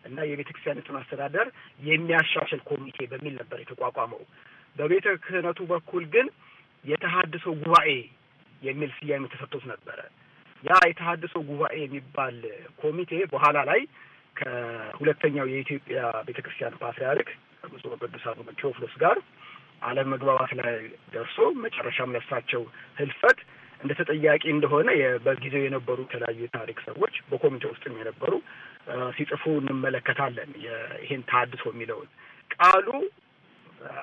እና የቤተ ክርስቲያኒቱን አስተዳደር የሚያሻሽል ኮሚቴ በሚል ነበር የተቋቋመው። በቤተ ክህነቱ በኩል ግን የተሀድሶ ጉባኤ የሚል ስያሜ ተሰጥቶት ነበረ። ያ የተሀድሶ ጉባኤ የሚባል ኮሚቴ በኋላ ላይ ከሁለተኛው የኢትዮጵያ ቤተ ክርስቲያን ፓትርያርክ ብፁዕ ወቅዱስ አቡነ ቴዎፍሎስ ጋር አለመግባባት ላይ ደርሶ መጨረሻም ለሳቸው ህልፈት እንደ ተጠያቂ እንደሆነ በጊዜው የነበሩ የተለያዩ ታሪክ ሰዎች በኮሚቴ ውስጥም የነበሩ ሲጽፉ እንመለከታለን። ይሄን ታድሶ የሚለውን ቃሉ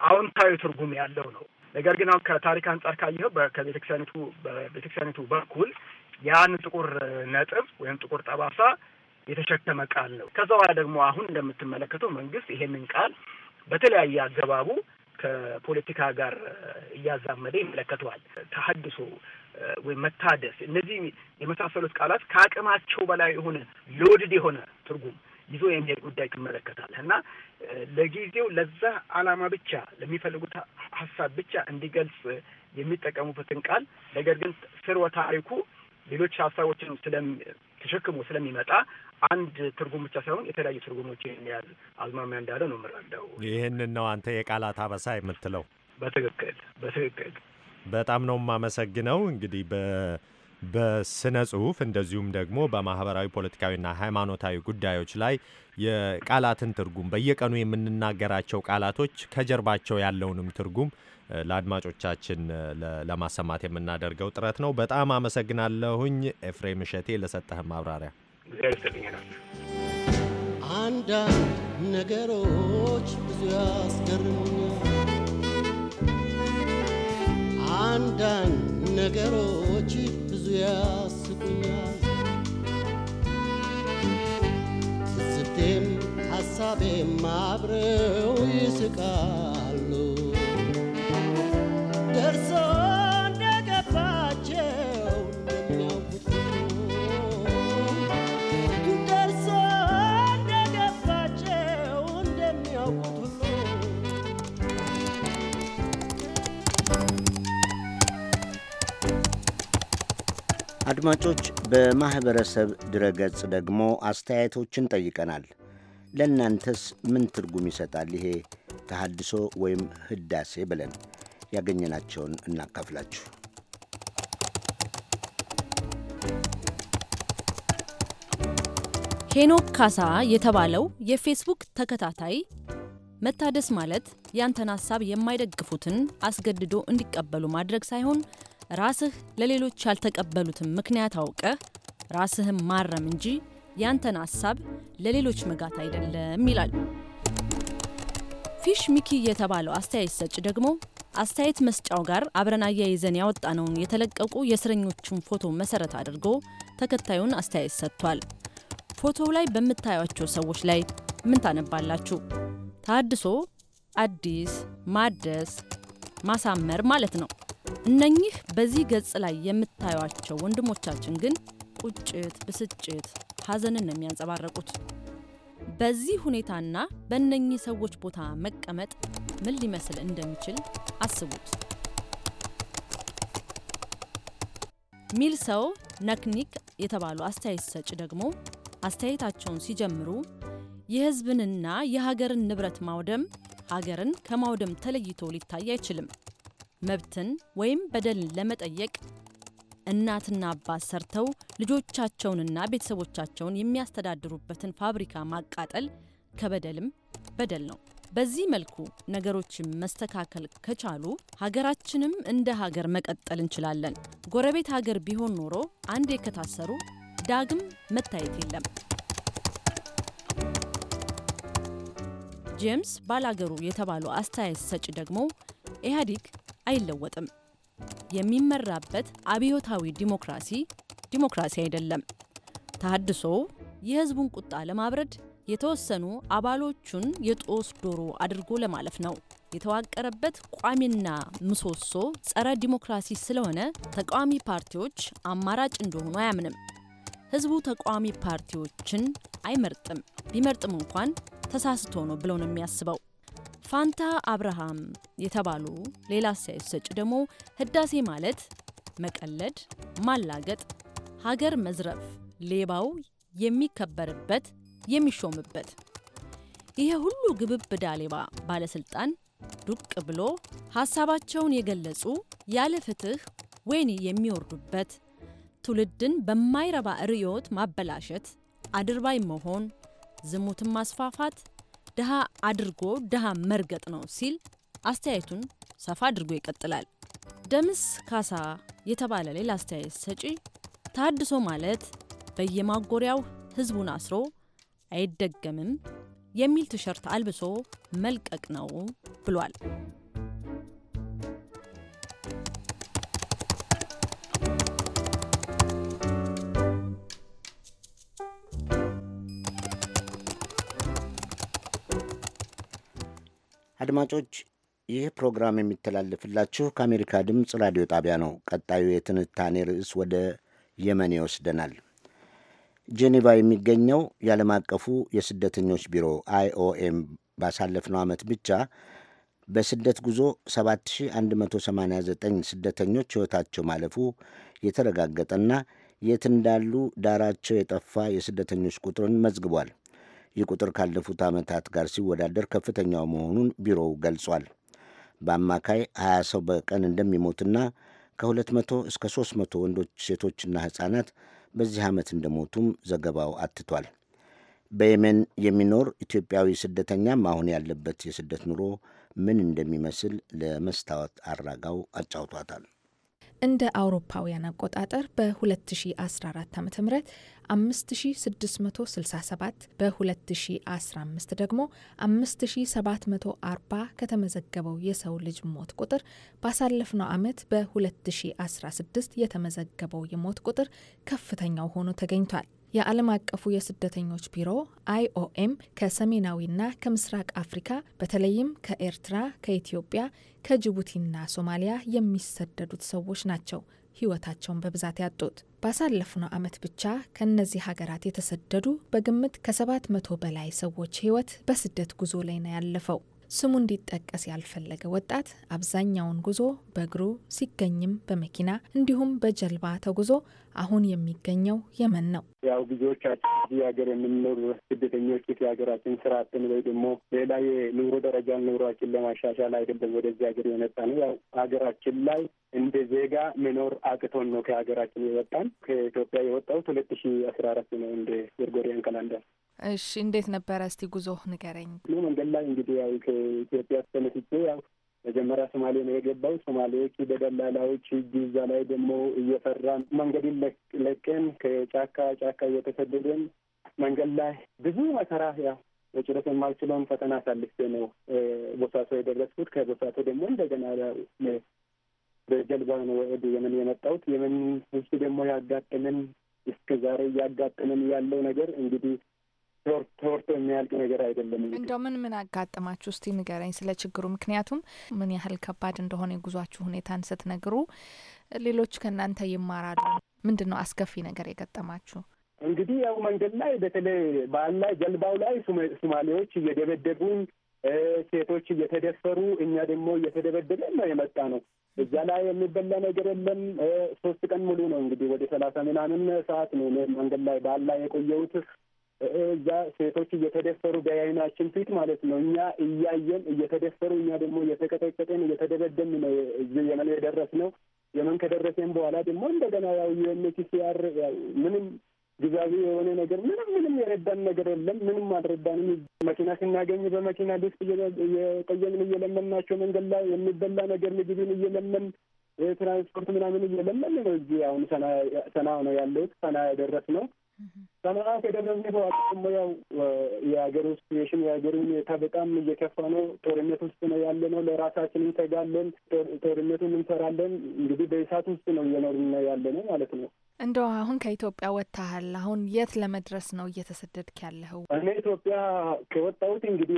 አዎንታዊ ትርጉም ያለው ነው። ነገር ግን አሁን ከታሪክ አንጻር ካየኸው ከቤተክርስቲያኒቱ በቤተክርስቲያኒቱ በኩል ያን ጥቁር ነጥብ ወይም ጥቁር ጠባሳ የተሸከመ ቃል ነው። ከዛ በኋላ ደግሞ አሁን እንደምትመለከተው መንግስት ይሄንን ቃል በተለያየ አገባቡ ከፖለቲካ ጋር እያዛመደ ይመለከተዋል። ተሀድሶ ወይም መታደስ፣ እነዚህ የመሳሰሉት ቃላት ከአቅማቸው በላይ የሆነ ሎድድ የሆነ ትርጉም ይዞ የሚሄድ ጉዳይ ትመለከታለህ እና ለጊዜው ለዛ አላማ ብቻ ለሚፈልጉት ሀሳብ ብቻ እንዲገልጽ የሚጠቀሙበትን ቃል ነገር ግን ስርወ ታሪኩ ሌሎች ሀሳቦችን ስለ ተሸክሞ ስለሚመጣ አንድ ትርጉም ብቻ ሳይሆን የተለያዩ ትርጉሞች የሚያዝ አዝማሚያ እንዳለ ነው የምረዳው። ይህንን ነው አንተ የቃላት አበሳ የምትለው። በትክክል በትክክል። በጣም ነው የማመሰግነው። እንግዲህ በስነ ጽሁፍ እንደዚሁም ደግሞ በማህበራዊ ፖለቲካዊና ሃይማኖታዊ ጉዳዮች ላይ የቃላትን ትርጉም በየቀኑ የምንናገራቸው ቃላቶች ከጀርባቸው ያለውንም ትርጉም ለአድማጮቻችን ለማሰማት የምናደርገው ጥረት ነው። በጣም አመሰግናለሁኝ ኤፍሬም እሸቴ ለሰጠህ ማብራሪያ። አንዳንድ ነገሮች ብዙ ያስገርሙኛል። አንዳንድ ነገሮች ብዙ ያስቁኛል። ትዝብቴም ሀሳቤም አብረው ይስቃሉ። አድማጮች፣ በማኅበረሰብ ድረገጽ ደግሞ አስተያየቶችን ጠይቀናል። ለእናንተስ ምን ትርጉም ይሰጣል ይሄ ተሃድሶ ወይም ህዳሴ ብለን ያገኘናቸውን እናካፍላችሁ። ሄኖክ ካሳ የተባለው የፌስቡክ ተከታታይ መታደስ ማለት ያንተን ሀሳብ የማይደግፉትን አስገድዶ እንዲቀበሉ ማድረግ ሳይሆን ራስህ ለሌሎች ያልተቀበሉትን ምክንያት አውቀህ ራስህን ማረም እንጂ ያንተን ሀሳብ ለሌሎች መጋት አይደለም ይላል። ፊሽ ሚኪ የተባለው አስተያየት ሰጭ ደግሞ አስተያየት መስጫው ጋር አብረን አያይዘን ያወጣነውን የተለቀቁ የእስረኞቹን ፎቶ መሰረት አድርጎ ተከታዩን አስተያየት ሰጥቷል። ፎቶው ላይ በምታዩቸው ሰዎች ላይ ምን ታነባላችሁ? ታድሶ፣ አዲስ፣ ማደስ፣ ማሳመር ማለት ነው። እነኚህ በዚህ ገጽ ላይ የምታዩቸው ወንድሞቻችን ግን ቁጭት፣ ብስጭት፣ ሀዘንን ነው የሚያንጸባረቁት። በዚህ ሁኔታና በእነኚህ ሰዎች ቦታ መቀመጥ ምን ሊመስል እንደሚችል አስቡት ሚል ሰው ነክኒክ የተባሉ አስተያየት ሰጭ ደግሞ አስተያየታቸውን ሲጀምሩ የሕዝብንና የሀገርን ንብረት ማውደም ሀገርን ከማውደም ተለይቶ ሊታይ አይችልም። መብትን ወይም በደልን ለመጠየቅ እናትና አባት ሰርተው ልጆቻቸውንና ቤተሰቦቻቸውን የሚያስተዳድሩበትን ፋብሪካ ማቃጠል ከበደልም በደል ነው። በዚህ መልኩ ነገሮችን መስተካከል ከቻሉ ሀገራችንም እንደ ሀገር መቀጠል እንችላለን። ጎረቤት ሀገር ቢሆን ኖሮ አንዴ ከታሰሩ ዳግም መታየት የለም። ጄምስ ባላገሩ የተባሉ አስተያየት ሰጪ ደግሞ ኢህአዲግ አይለወጥም። የሚመራበት አብዮታዊ ዲሞክራሲ ዲሞክራሲ አይደለም። ታድሶ የህዝቡን ቁጣ ለማብረድ የተወሰኑ አባሎቹን የጦስ ዶሮ አድርጎ ለማለፍ ነው። የተዋቀረበት ቋሚና ምሰሶ ጸረ ዲሞክራሲ ስለሆነ ተቃዋሚ ፓርቲዎች አማራጭ እንደሆኑ አያምንም። ህዝቡ ተቃዋሚ ፓርቲዎችን አይመርጥም። ቢመርጥም እንኳን ተሳስቶ ነው ብለው ነው የሚያስበው። ፋንታ አብርሃም የተባሉ ሌላ አስተያየት ሰጭ ደግሞ ህዳሴ ማለት መቀለድ፣ ማላገጥ፣ ሀገር መዝረፍ፣ ሌባው የሚከበርበት የሚሾምበት ይሄ ሁሉ ግብብዳ ሌባ ባለስልጣን ዱቅ ብሎ ሀሳባቸውን የገለጹ ያለ ፍትህ ወይን የሚወርዱበት ትውልድን በማይረባ ርዕዮት ማበላሸት፣ አድርባይ መሆን፣ ዝሙትን ማስፋፋት ድሃ አድርጎ ድሃ መርገጥ ነው ሲል አስተያየቱን ሰፋ አድርጎ ይቀጥላል። ደምስ ካሳ የተባለ ሌላ አስተያየት ሰጪ ታድሶ ማለት በየማጎሪያው ህዝቡን አስሮ አይደገምም የሚል ቲሸርት አልብሶ መልቀቅ ነው ብሏል። አድማጮች ይህ ፕሮግራም የሚተላለፍላችሁ ከአሜሪካ ድምፅ ራዲዮ ጣቢያ ነው። ቀጣዩ የትንታኔ ርዕስ ወደ የመን ይወስደናል። ጄኔቫ የሚገኘው የዓለም አቀፉ የስደተኞች ቢሮ አይኦኤም ባሳለፍነው ዓመት ብቻ በስደት ጉዞ 7189 ስደተኞች ሕይወታቸው ማለፉ የተረጋገጠና የት እንዳሉ ዳራቸው የጠፋ የስደተኞች ቁጥርን መዝግቧል። ይህ ቁጥር ካለፉት ዓመታት ጋር ሲወዳደር ከፍተኛው መሆኑን ቢሮው ገልጿል። በአማካይ 20 ሰው በቀን እንደሚሞትና ከ200 እስከ 300 ወንዶች፣ ሴቶችና ሕፃናት በዚህ ዓመት እንደሞቱም ዘገባው አትቷል። በየመን የሚኖር ኢትዮጵያዊ ስደተኛም አሁን ያለበት የስደት ኑሮ ምን እንደሚመስል ለመስታወት አራጋው አጫውቷታል። እንደ አውሮፓውያን አቆጣጠር በ2014 ዓ ም 5667 በ2015 ደግሞ 5740 ከተመዘገበው የሰው ልጅ ሞት ቁጥር ባሳለፍነው ዓመት በ2016 የተመዘገበው የሞት ቁጥር ከፍተኛው ሆኖ ተገኝቷል። የዓለም አቀፉ የስደተኞች ቢሮ አይኦኤም ከሰሜናዊና ከምስራቅ አፍሪካ በተለይም ከኤርትራ፣ ከኢትዮጵያ፣ ከጅቡቲና ሶማሊያ የሚሰደዱት ሰዎች ናቸው ህይወታቸውን በብዛት ያጡት። ባሳለፍነው ዓመት ብቻ ከእነዚህ ሀገራት የተሰደዱ በግምት ከሰባት መቶ በላይ ሰዎች ህይወት በስደት ጉዞ ላይ ነው ያለፈው። ስሙ እንዲጠቀስ ያልፈለገ ወጣት አብዛኛውን ጉዞ በእግሩ ሲገኝም በመኪና እንዲሁም በጀልባ ተጉዞ አሁን የሚገኘው የመን ነው። ያው ብዙዎቻችን እዚህ ሀገር የምንኖር ስደተኞች የሀገራችን ስርዓትን ወይ ደግሞ ሌላ የኑሮ ደረጃን ኑሯችን ለማሻሻል አይደለም ወደዚህ ሀገር የመጣ ነው። ያው ሀገራችን ላይ እንደ ዜጋ መኖር አቅቶን ነው ከሀገራችን የወጣን። ከኢትዮጵያ የወጣሁት ሁለት ሺ አስራ አራት ነው እንደ ጎርጎሪያን ካላንደር እሺ፣ እንዴት ነበረ? እስቲ ጉዞ ንገረኝ። መንገድ ላይ እንግዲህ ያው ከኢትዮጵያ ተነስቼ ያው መጀመሪያ ሶማሌ ነው የገባው። ሶማሌዎች በደላላዎች እጅ እዛ ላይ ደግሞ እየፈራን መንገድን ለቀን ከጫካ ጫካ እየተሰደደን መንገድ ላይ ብዙ መከራ ያው መጭረት የማልችለውን ፈተና አሳልፌ ነው ቦሳሶ የደረስኩት። ከቦሳሶ ደግሞ እንደገና በጀልባ ነው ወደ የመን የመጣሁት። የመን ውስጥ ደግሞ ያጋጥምን እስከ ዛሬ እያጋጥምን ያለው ነገር እንግዲህ ተወርቶ የሚያልቅ ነገር አይደለም። እንደው ምን ምን አጋጠማችሁ እስቲ ንገረኝ ስለ ችግሩ። ምክንያቱም ምን ያህል ከባድ እንደሆነ የጉዟችሁ ሁኔታን ስትነግሩ ሌሎች ከእናንተ ይማራሉ። ምንድን ነው አስከፊ ነገር የገጠማችሁ? እንግዲህ ያው መንገድ ላይ በተለይ ባህል ላይ ጀልባው ላይ ሱማሌዎች እየደበደቡን ሴቶች እየተደፈሩ እኛ ደግሞ እየተደበደበን ነው የመጣ ነው። እዛ ላይ የሚበላ ነገር የለም። ሶስት ቀን ሙሉ ነው እንግዲህ ወደ ሰላሳ ምናምን ሰዓት ነው መንገድ ላይ ባህል ላይ የቆየሁት። እዛ ሴቶች እየተደፈሩ በአይናችን ፊት ማለት ነው። እኛ እያየን እየተደፈሩ እኛ ደግሞ እየተቀጠቀጠን እየተደበደብን ነው እዚህ የመን የደረስነው። የመን ከደረሴን በኋላ ደግሞ እንደገና ያው ዩኤንኤችሲአር ምንም ግዛቤ የሆነ ነገር ምንም ምንም የረዳን ነገር የለም። ምንም አልረዳንም። መኪና ስናገኝ በመኪና ዲስክ እየቀየምን እየለመንናቸው መንገድ ላይ የሚበላ ነገር ምግብን እየለመን ትራንስፖርት ምናምን እየለመን ነው እዚህ አሁን ሰና ነው ያለሁት ሰና ደረስ ነው ሰማዓት የደረስነው ደግሞ ያው የሀገር ውስጥ ሽን የሀገር ሁኔታ በጣም እየከፋ ነው። ጦርነት ውስጥ ነው ያለ ነው። ለራሳችን እንተጋለን፣ ጦርነቱን እንሰራለን። እንግዲህ በእሳት ውስጥ ነው እየኖርን ያለ ነው ማለት ነው። እንደው አሁን ከኢትዮጵያ ወጥተሃል። አሁን የት ለመድረስ ነው እየተሰደድክ ያለኸው? እኔ ኢትዮጵያ ከወጣሁት እንግዲህ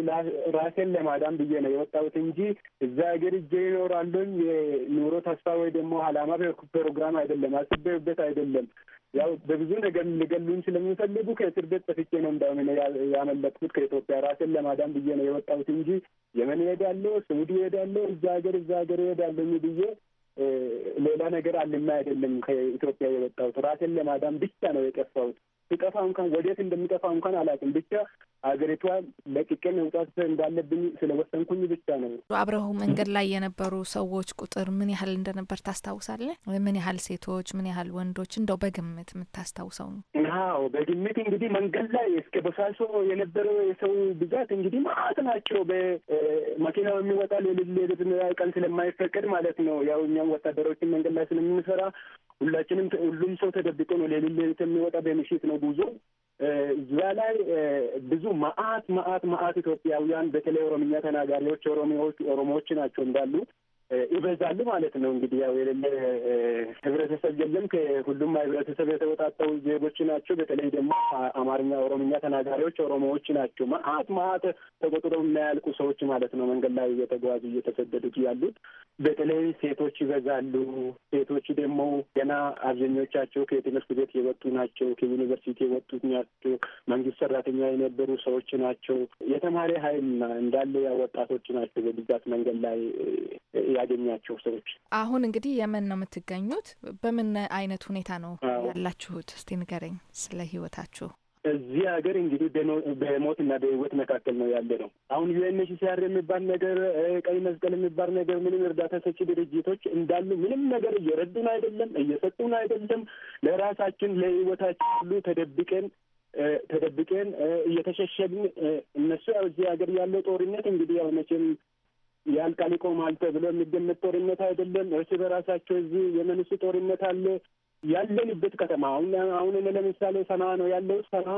ራሴን ለማዳን ብዬ ነው የወጣሁት እንጂ እዛ ሀገር እጄ ይኖራለኝ የኑሮ ተስፋ ወይ ደግሞ አላማ ፕሮግራም አይደለም፣ አስቤበት አይደለም ያው በብዙ ነገር ሊገሉኝ ስለሚፈልጉ ከእስር ቤት ጠፍቼ ነው እንደምን ያመለጥኩት። ከኢትዮጵያ ራሴን ለማዳን ብዬ ነው የወጣሁት እንጂ የመን እሄዳለሁ፣ ስዑድ እሄዳለሁ፣ እዛ ሀገር እዛ ሀገር እሄዳለሁ ብዬ ሌላ ነገር አልማ አይደለም ከኢትዮጵያ የወጣሁት ራሴን ለማዳን ብቻ ነው የጠፋሁት። ስጠፋ እንኳን ወዴት እንደሚጠፋ እንኳን አላውቅም። ብቻ አገሪቷ ለቅቄ መውጣት እንዳለብኝ ስለወሰንኩኝ ብቻ ነው። አብረው መንገድ ላይ የነበሩ ሰዎች ቁጥር ምን ያህል እንደነበር ታስታውሳለህ? ምን ያህል ሴቶች፣ ምን ያህል ወንዶች እንደው በግምት የምታስታውሰው ነው? አዎ በግምት እንግዲህ መንገድ ላይ እስከ በሳሶ የነበረው የሰው ብዛት እንግዲህ ማት ናቸው። በመኪናው የሚወጣ ሌሊት ቀን ስለማይፈቀድ ማለት ነው። ያው እኛም ወታደሮችን መንገድ ላይ ስለምንሰራ ሁላችንም ሁሉም ሰው ተደብቆ ነው ሌሊት የሚወጣ በምሽት ነው ጉዞ። እዛ ላይ ብዙ መአት መአት መአት ኢትዮጵያውያን በተለይ ኦሮምኛ ተናጋሪዎች ኦሮሚዎች ኦሮሞዎች ናቸው እንዳሉ ይበዛሉ ማለት ነው። እንግዲህ ያው የሌለ ህብረተሰብ የለም። ከሁሉም ህብረተሰብ የተወጣጠው ዜጎች ናቸው። በተለይ ደግሞ አማርኛ፣ ኦሮምኛ ተናጋሪዎች ኦሮሞዎች ናቸው። ማአት ማአት ተቆጥረው የማያልቁ ሰዎች ማለት ነው መንገድ ላይ እየተጓዙ እየተሰደዱት ያሉት። በተለይ ሴቶች ይበዛሉ። ሴቶች ደግሞ ገና አብዛኞቻቸው ከትምህርት ቤት የወጡ ናቸው። ከዩኒቨርሲቲ የወጡ ናቸው። መንግስት ሰራተኛ የነበሩ ሰዎች ናቸው። የተማሪ ሀይል እንዳለ ያው ወጣቶች ናቸው በብዛት መንገድ ላይ ያገኛቸው ሰዎች። አሁን እንግዲህ የመን ነው የምትገኙት። በምን አይነት ሁኔታ ነው ያላችሁት? እስቲ ንገረኝ ስለ ህይወታችሁ። እዚህ ሀገር እንግዲህ በሞትና በህይወት መካከል ነው ያለ ነው። አሁን ዩኤንኤችሲአር የሚባል ነገር ቀይ መስቀል የሚባል ነገር ምንም እርዳታ ሰጪ ድርጅቶች እንዳሉ ምንም ነገር እየረዱን አይደለም፣ እየሰጡን አይደለም። ለራሳችን ለህይወታችን ሁሉ ተደብቀን ተደብቀን እየተሸሸግን እነሱ እዚህ ሀገር ያለው ጦርነት እንግዲህ ያው መቼም ያልቃል ይቆማል ተብሎ የሚገመት ጦርነት አይደለም። እርስ በራሳቸው እዚህ የመንሱ ጦርነት አለ። ያለንበት ከተማ አሁን አሁን ለምሳሌ ሰንዓ ነው ያለው። ሰንዓ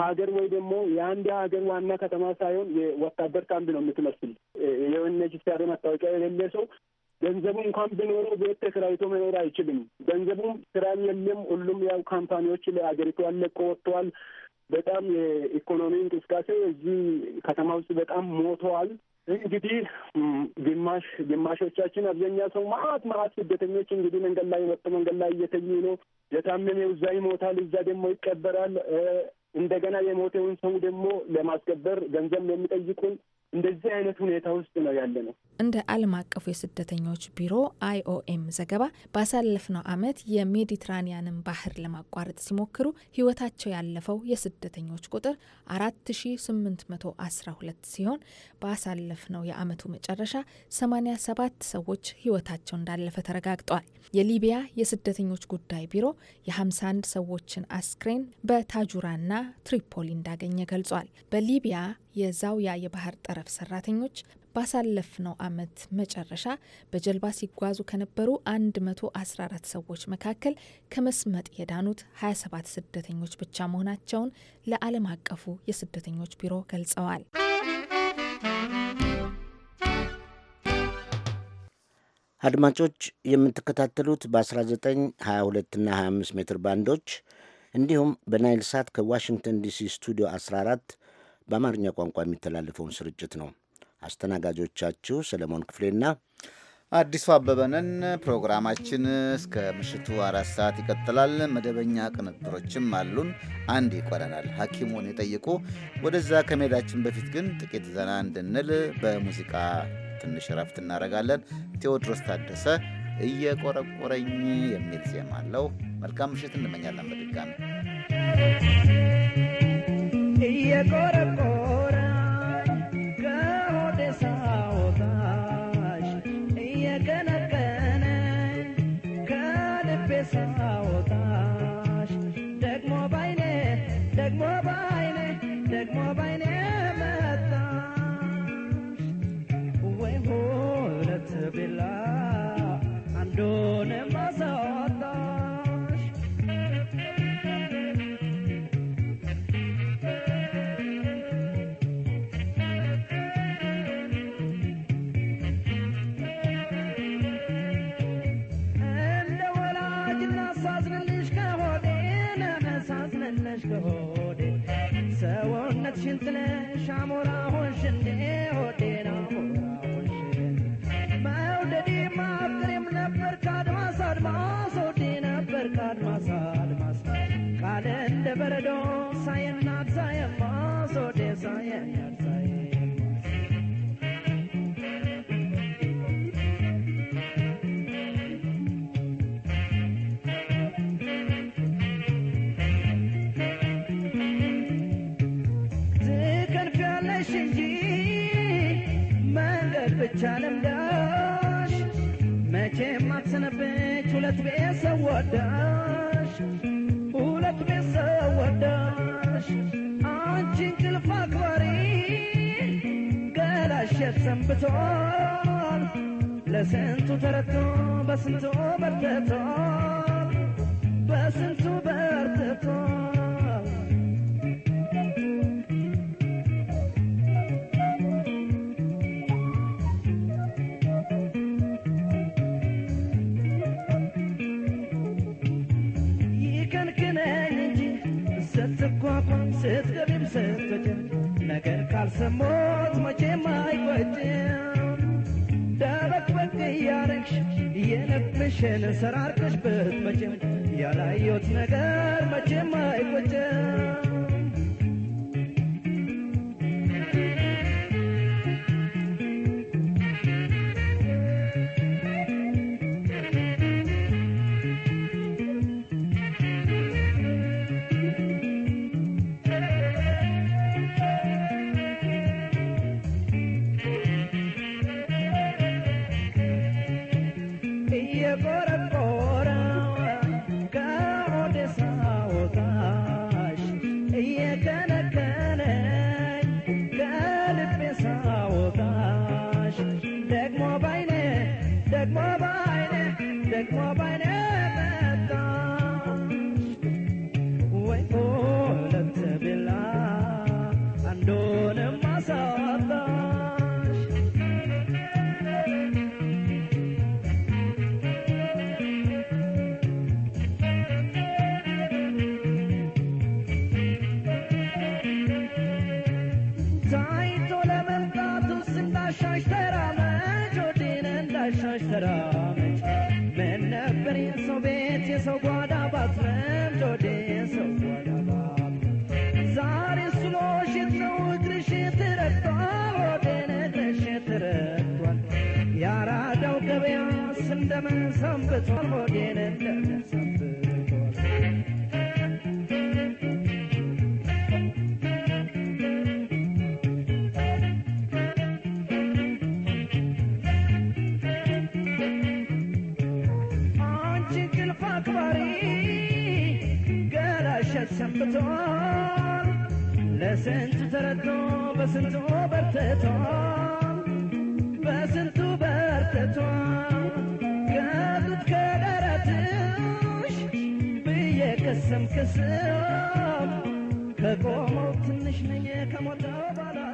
ሀገር ወይ ደግሞ የአንድ ሀገር ዋና ከተማ ሳይሆን የወታደር ካምፕ ነው የምትመስል። የሆነች ሲያደ ማስታወቂያ የሌለ ሰው ገንዘቡ እንኳን ቢኖረው ቤት ተከራይቶ መኖር አይችልም። ገንዘቡም ስራም የለም። ሁሉም ያው ካምፓኒዎች ለሀገሪቱ አለቆ ወጥተዋል። በጣም የኢኮኖሚ እንቅስቃሴ እዚህ ከተማ ውስጥ በጣም ሞተዋል። እንግዲህ ግማሽ ግማሾቻችን አብዛኛ ሰው ማአት ማአት ስደተኞች እንግዲህ መንገድ ላይ ወጥቶ መንገድ ላይ እየተኙ ነው። የታመመው እዛ ይሞታል፣ እዛ ደግሞ ይቀበራል። እንደገና የሞተውን ሰው ደግሞ ለማስገበር ገንዘብ ነው የሚጠይቁን። እንደዚህ አይነት ሁኔታ ውስጥ ነው ያለ ነው። እንደ ዓለም አቀፉ የስደተኞች ቢሮ አይኦኤም ዘገባ ባሳለፍነው ዓመት የሜዲትራኒያንን ባህር ለማቋረጥ ሲሞክሩ ሕይወታቸው ያለፈው የስደተኞች ቁጥር አራት ሺ ስምንት መቶ አስራ ሁለት ሲሆን ባሳለፍነው የዓመቱ መጨረሻ ሰማኒያ ሰባት ሰዎች ሕይወታቸው እንዳለፈ ተረጋግጧል። የሊቢያ የስደተኞች ጉዳይ ቢሮ የሀምሳ አንድ ሰዎችን አስክሬን በታጁራና ትሪፖሊ እንዳገኘ ገልጿል። በሊቢያ የዛውያ የባህር ጠረፍ ሰራተኞች ባሳለፍነው ዓመት መጨረሻ በጀልባ ሲጓዙ ከነበሩ 114 ሰዎች መካከል ከመስመጥ የዳኑት 27 ስደተኞች ብቻ መሆናቸውን ለዓለም አቀፉ የስደተኞች ቢሮ ገልጸዋል። አድማጮች የምትከታተሉት በ1922 እና 25 ሜትር ባንዶች እንዲሁም በናይል ሳት ከዋሽንግተን ዲሲ ስቱዲዮ 14 በአማርኛ ቋንቋ የሚተላለፈውን ስርጭት ነው። አስተናጋጆቻችሁ ሰለሞን ክፍሌና አዲሱ አበበንን። ፕሮግራማችን እስከ ምሽቱ አራት ሰዓት ይቀጥላል። መደበኛ ቅንብሮችም አሉን። አንድ ይቆረናል፣ ሐኪሙን ይጠይቁ። ወደዛ ከመሄዳችን በፊት ግን ጥቂት ዘና እንድንል በሙዚቃ ትንሽ ረፍት እናደርጋለን። ቴዎድሮስ ታደሰ እየቆረቆረኝ የሚል ዜማ አለው። መልካም ምሽት እንመኛለን በድጋሚ செய்ய கோரப்போ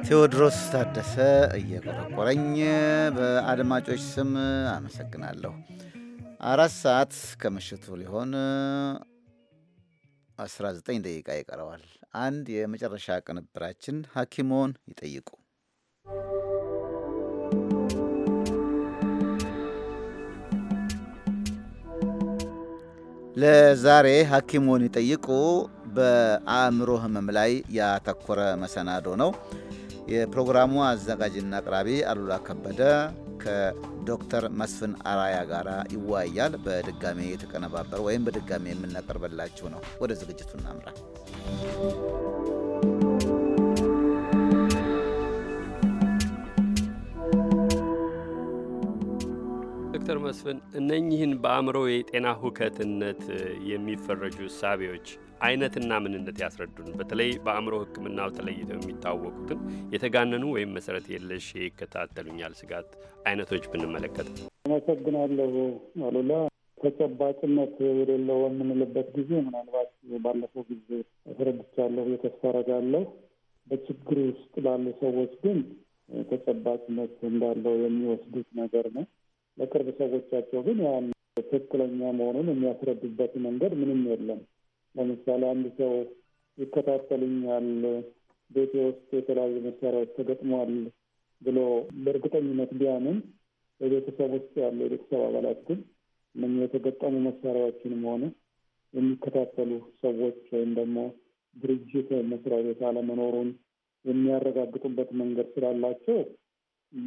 ቴዎድሮስ ታደሰ እየቆረቆረኝ በአድማጮች ስም አመሰግናለሁ። አራት ሰዓት ከምሽቱ ሊሆን 19 ደቂቃ ይቀረዋል። አንድ የመጨረሻ ቅንብራችን ሐኪሞን ይጠይቁ ለዛሬ ሐኪሞን ይጠይቁ በአእምሮ ህመም ላይ ያተኮረ መሰናዶ ነው። የፕሮግራሙ አዘጋጅና አቅራቢ አሉላ ከበደ ከዶክተር መስፍን አራያ ጋር ይወያያል። በድጋሜ የተቀነባበረ ወይም በድጋሜ የምናቀርበላችሁ ነው። ወደ ዝግጅቱ እናምራ። ዶክተር መስፍን እነኚህን በአእምሮ የጤና ሁከትነት የሚፈረጁ ሳቢዎች አይነትና ምንነት ያስረዱን። በተለይ በአእምሮ ሕክምናው ተለይተው የሚታወቁትን የተጋነኑ ወይም መሰረት የለሽ ይከታተሉኛል ስጋት አይነቶች ብንመለከት። አመሰግናለሁ አሉላ። ተጨባጭነት የሌለው የምንልበት ጊዜ ምናልባት ባለፈው ጊዜ አስረድቻለሁ፣ የተስፋ በችግር ውስጥ ላሉ ሰዎች ግን ተጨባጭነት እንዳለው የሚወስዱት ነገር ነው። ለቅርብ ሰዎቻቸው ግን ያን ትክክለኛ መሆኑን የሚያስረዱበት መንገድ ምንም የለም። ለምሳሌ አንድ ሰው ይከታተሉኛል፣ ቤቴ ውስጥ የተለያዩ መሳሪያዎች ተገጥሟል ብሎ በእርግጠኝነት ቢያምን በቤተሰብ ውስጥ ያለው የቤተሰብ አባላት ግን እነ የተገጠሙ መሳሪያዎችንም ሆነ የሚከታተሉ ሰዎች ወይም ደግሞ ድርጅት መስሪያ ቤት አለመኖሩን የሚያረጋግጡበት መንገድ ስላላቸው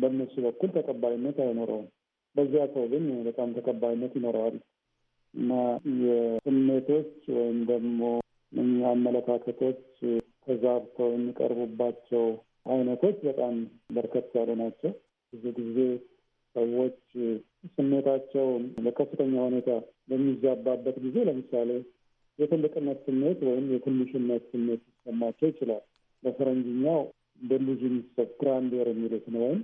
በእነሱ በኩል ተቀባይነት አይኖረውም። በዚያ ሰው ግን በጣም ተቀባይነት ይኖረዋል። እና የስሜቶች ወይም ደግሞ አመለካከቶች ተዛብተው የሚቀርቡባቸው አይነቶች በጣም በርከት ያሉ ናቸው። ብዙ ጊዜ ሰዎች ስሜታቸው በከፍተኛ ሁኔታ በሚዛባበት ጊዜ ለምሳሌ የትልቅነት ስሜት ወይም የትንሽነት ስሜት ሊሰማቸው ይችላል። በፈረንጅኛው ደሉዥን ኦፍ ግራንዴር የሚሉት ነው። ወይም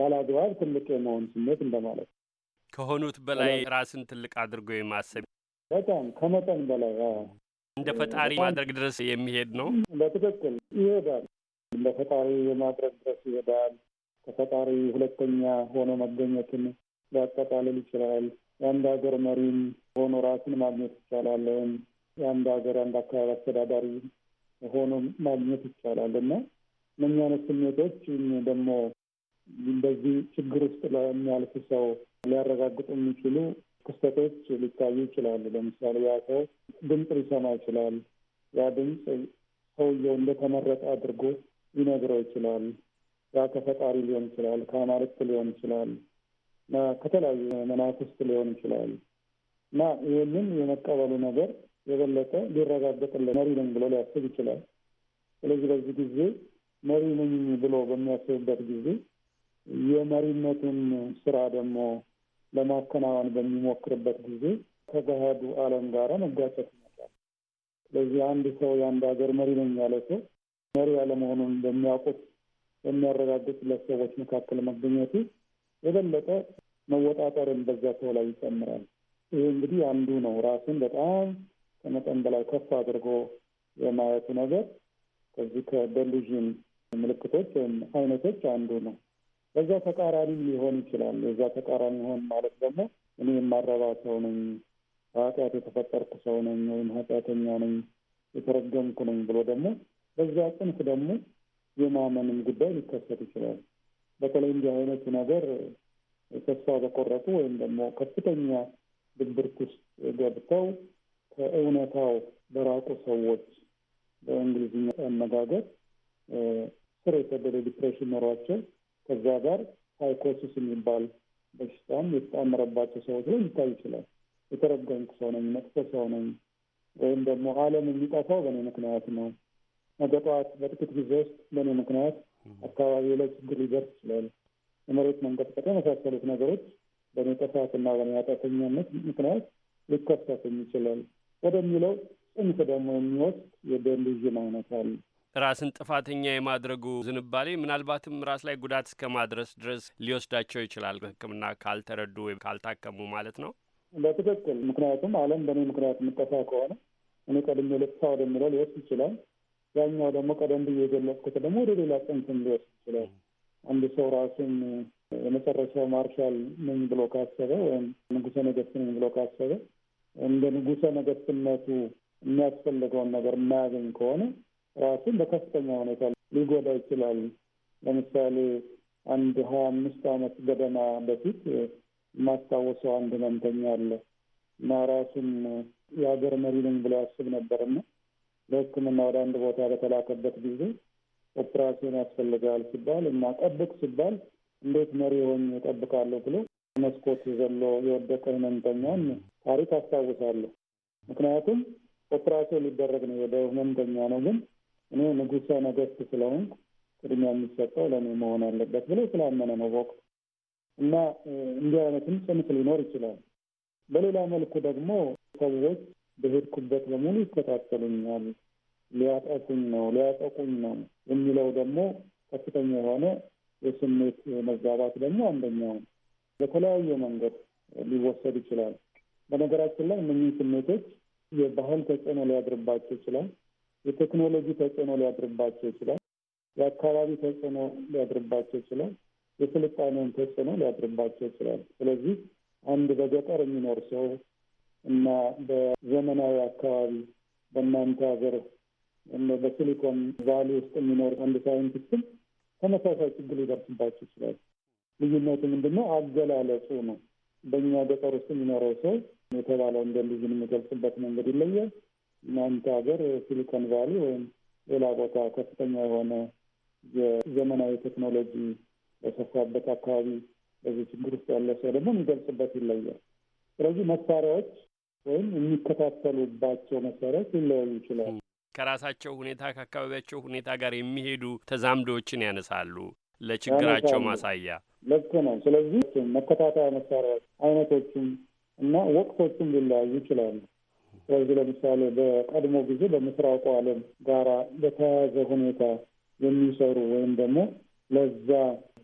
ያለ አግባብ ትልቅ የመሆን ስሜት እንደማለት ከሆኑት በላይ ራስን ትልቅ አድርጎ የማሰብ በጣም ከመጠን በላይ እንደ ፈጣሪ ማድረግ ድረስ የሚሄድ ነው። በትክክል ይሄዳል። እንደ ፈጣሪ የማድረግ ድረስ ይሄዳል። ከፈጣሪ ሁለተኛ ሆኖ መገኘትን ሊያጠቃልል ይችላል። የአንድ ሀገር መሪም ሆኖ ራስን ማግኘት ይቻላል። የአንድ ሀገር አንድ አካባቢ አስተዳዳሪ ሆኖ ማግኘት ይቻላል እና እነኛነት ስሜቶች ደግሞ በዚህ ችግር ውስጥ ለሚያልፍ ሰው ሊያረጋግጡ የሚችሉ ክስተቶች ሊታዩ ይችላሉ። ለምሳሌ ያ ሰው ድምፅ ሊሰማ ይችላል። ያ ድምፅ ሰውየው እንደተመረጠ አድርጎ ሊነግረው ይችላል። ያ ከፈጣሪ ሊሆን ይችላል፣ ከአማልክት ሊሆን ይችላል እና ከተለያዩ መናፍስት ሊሆን ይችላል እና ይህንን የመቀበሉ ነገር የበለጠ ሊረጋገጥለት መሪ ነኝ ብሎ ሊያስብ ይችላል። ስለዚህ በዚህ ጊዜ መሪ ነኝ ብሎ በሚያስብበት ጊዜ የመሪነቱን ስራ ደግሞ ለማከናወን በሚሞክርበት ጊዜ ከገሃዱ ዓለም ጋራ መጋጨት ይመጣል። ስለዚህ አንድ ሰው የአንድ ሀገር መሪ ነኝ ያለ ሰው መሪ ያለመሆኑን በሚያውቁት በሚያረጋግጡለት ሰዎች መካከል መገኘቱ የበለጠ መወጣጠርን በዛ ሰው ላይ ይጨምራል። ይህ እንግዲህ አንዱ ነው። ራሱን በጣም ከመጠን በላይ ከፍ አድርጎ የማየቱ ነገር ከዚህ ከደሉዥን ምልክቶች ወይም አይነቶች አንዱ ነው። በዛ ተቃራኒ ሊሆን ይችላል። የዛ ተቃራኒ ሆን ማለት ደግሞ እኔ የማረባ ሰው ነኝ፣ በኃጢአት የተፈጠርኩ ሰው ነኝ፣ ወይም ኃጢአተኛ ነኝ፣ የተረገምኩ ነኝ ብሎ ደግሞ በዛ ጽንፍ ደግሞ የማመንም ጉዳይ ሊከሰት ይችላል። በተለይ እንዲህ አይነቱ ነገር ተስፋ በቆረጡ ወይም ደግሞ ከፍተኛ ድብርት ውስጥ ገብተው ከእውነታው በራቁ ሰዎች በእንግሊዝኛ አነጋገር ስር የሰደደ ዲፕሬሽን ኖሯቸው ከዛ ጋር ሳይኮሲስ የሚባል በሽታም የተጣመረባቸው ሰዎች ላይ ሊታይ ይችላል። የተረገምኩ ሰው ነኝ፣ መጥፎ ሰው ነኝ፣ ወይም ደግሞ ዓለም የሚጠፋው በእኔ ምክንያት ነው፣ ነገ ጠዋት በጥቂት ጊዜ ውስጥ በእኔ ምክንያት አካባቢ ላይ ችግር ሊደርስ ይችላል፣ የመሬት መንቀጥቀጥ የመሳሰሉት ነገሮች በእኔ ጥፋትና በእኔ አጣተኛነት ምክንያት ሊከሰትም ይችላል ወደሚለው ጽንፍ ደግሞ የሚወስድ የደንዙዥን አይነት አለ። ራስን ጥፋተኛ የማድረጉ ዝንባሌ ምናልባትም ራስ ላይ ጉዳት እስከ ማድረስ ድረስ ሊወስዳቸው ይችላል፣ ሕክምና ካልተረዱ ወይም ካልታከሙ ማለት ነው። በትክክል ምክንያቱም ዓለም በእኔ ምክንያት የምጠፋ ከሆነ እኔ ቀድሜ ልጥፋ ወደምለው ሊወስድ ይችላል። ያኛው ደግሞ ቀደም ብዬ የገለጽኩት ደግሞ ወደ ሌላ ጽንፍም ሊወስድ ይችላል። አንድ ሰው ራሱን የመጨረሻው ማርሻል ነኝ ብሎ ካሰበ ወይም ንጉሰ ነገስት ነኝ ብሎ ካሰበ እንደ ንጉሰ ነገስትነቱ የሚያስፈልገውን ነገር የማያገኝ ከሆነ ራሱን በከፍተኛ ሁኔታ ሊጎዳ ይችላል። ለምሳሌ አንድ ሀያ አምስት አመት ገደማ በፊት የማስታወሰው አንድ ህመምተኛ አለ እና ራሱን የሀገር መሪ ነኝ ብሎ ያስብ ነበርና ለሕክምና ወደ አንድ ቦታ በተላከበት ጊዜ ኦፕራሲዮን ያስፈልጋል ሲባል እና ጠብቅ ሲባል እንዴት መሪ ሆኝ እጠብቃለሁ ብሎ መስኮት ዘሎ የወደቀ ህመምተኛን ታሪክ አስታውሳለሁ። ምክንያቱም ኦፕራሲዮን ሊደረግ ነው ወደ ህመምተኛ ነው ግን እኔ ንጉሰ ነገስት ስለሆንኩ ቅድሚያ የሚሰጠው ለእኔ መሆን አለበት ብሎ ስላመነ ነው በወቅቱ እና እንዲህ አይነትም ጽንፍ ሊኖር ይችላል። በሌላ መልኩ ደግሞ ሰዎች በሄድኩበት በሙሉ ይከታተሉኛል፣ ሊያጠፉኝ ነው፣ ሊያጠቁኝ ነው የሚለው ደግሞ ከፍተኛ የሆነ የስሜት መዛባት ደግሞ አንደኛው በተለያየ መንገድ ሊወሰድ ይችላል። በነገራችን ላይ እነዚህ ስሜቶች የባህል ተጽዕኖ ሊያድርባቸው ይችላል። የቴክኖሎጂ ተጽዕኖ ሊያድርባቸው ይችላል። የአካባቢ ተጽዕኖ ሊያድርባቸው ይችላል። የስልጣኔውን ተጽዕኖ ሊያድርባቸው ይችላል። ስለዚህ አንድ በገጠር የሚኖር ሰው እና በዘመናዊ አካባቢ በእናንተ ሀገር በሲሊኮን ቫሊ ውስጥ የሚኖር አንድ ሳይንቲስትም ተመሳሳይ ችግር ሊደርስባቸው ይችላል። ልዩነቱ ምንድን ነው? አገላለጹ ነው። በእኛ ገጠር ውስጥ የሚኖረው ሰው የተባለው እንደ ልዩን የሚገልጽበት መንገድ ይለያል። እናንተ ሀገር ሲሊኮን ቫሊ ወይም ሌላ ቦታ ከፍተኛ የሆነ የዘመናዊ ቴክኖሎጂ በሰፋበት አካባቢ በዚህ ችግር ውስጥ ያለ ሰው ደግሞ የሚገልጽበት ይለያል። ስለዚህ መሳሪያዎች ወይም የሚከታተሉባቸው መሳሪያዎች ሊለያዩ ይችላል። ከራሳቸው ሁኔታ ከአካባቢያቸው ሁኔታ ጋር የሚሄዱ ተዛምዶዎችን ያነሳሉ ለችግራቸው ማሳያ። ልክ ነው። ስለዚህ መከታተያ መሳሪያዎች አይነቶችም እና ወቅቶችም ሊለያዩ ይችላሉ። ስለዚህ ለምሳሌ በቀድሞ ጊዜ በምስራቁ ዓለም ጋራ በተያያዘ ሁኔታ የሚሰሩ ወይም ደግሞ ለዛ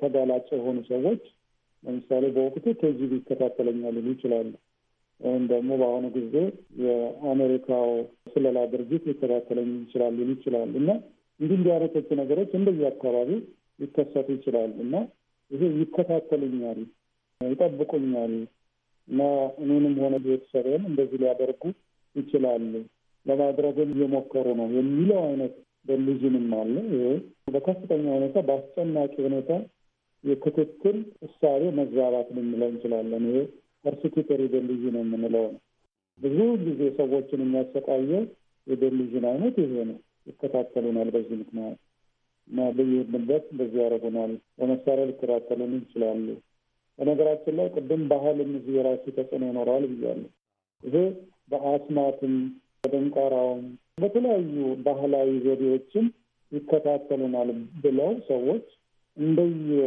ተጋላጭ የሆኑ ሰዎች ለምሳሌ በወቅቱ ኬጂቢ ይከታተለኛል ሊሉ ይችላሉ። ወይም ደግሞ በአሁኑ ጊዜ የአሜሪካው ስለላ ድርጅት ሊከታተለኝ ይችላል ሊሉ ይችላሉ እና እንዲህ እንዲህ አይነቶቹ ነገሮች እንደዚህ አካባቢ ሊከሰቱ ይችላሉ እና ይሄ ይከታተሉኛል፣ ይጠብቁኛል እና እኔንም ሆነ ቤተሰብም እንደዚህ ሊያደርጉ ይችላሉ፣ ለማድረግም እየሞከሩ ነው የሚለው አይነት በልዥንም አለ። ይሄ በከፍተኛ ሁኔታ በአስጨናቂ ሁኔታ የክትትል እሳቤ መዛባት ልንለው እንችላለን። ይሄ ፐርሲኪተሪ ነው የምንለው ነው። ብዙ ጊዜ ሰዎችን የሚያሰቃየው የደልዥን አይነት ይሄ ነው። ይከታተሉናል፣ በዚህ ምክንያት እና በየሄድንበት በዚህ ያደረጉናል። በመሳሪያ ሊከታተሉን ይችላሉ። በነገራችን ላይ ቅድም ባህል እዚህ የራሱ ተጽዕኖ ይኖረዋል ብያለሁ። ይሄ በአስማትም በደንቆራውም በተለያዩ ባህላዊ ዘዴዎችም ይከታተሉናል ብለው ሰዎች እንደየ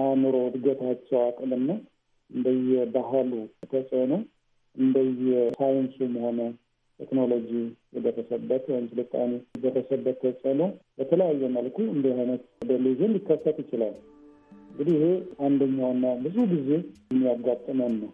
አእምሮ እድገታቸው አቅምና እንደየ ባህሉ ተጽዕኖ እንደየ ሳይንሱም ሆነ ቴክኖሎጂ የደረሰበት ወይም ስልጣኔ የደረሰበት ተጽዕኖ በተለያየ መልኩ እንዲህ አይነት ዴሉዥን ሊከሰት ይችላል። እንግዲህ ይሄ አንደኛውና ብዙ ጊዜ የሚያጋጥመን ነው።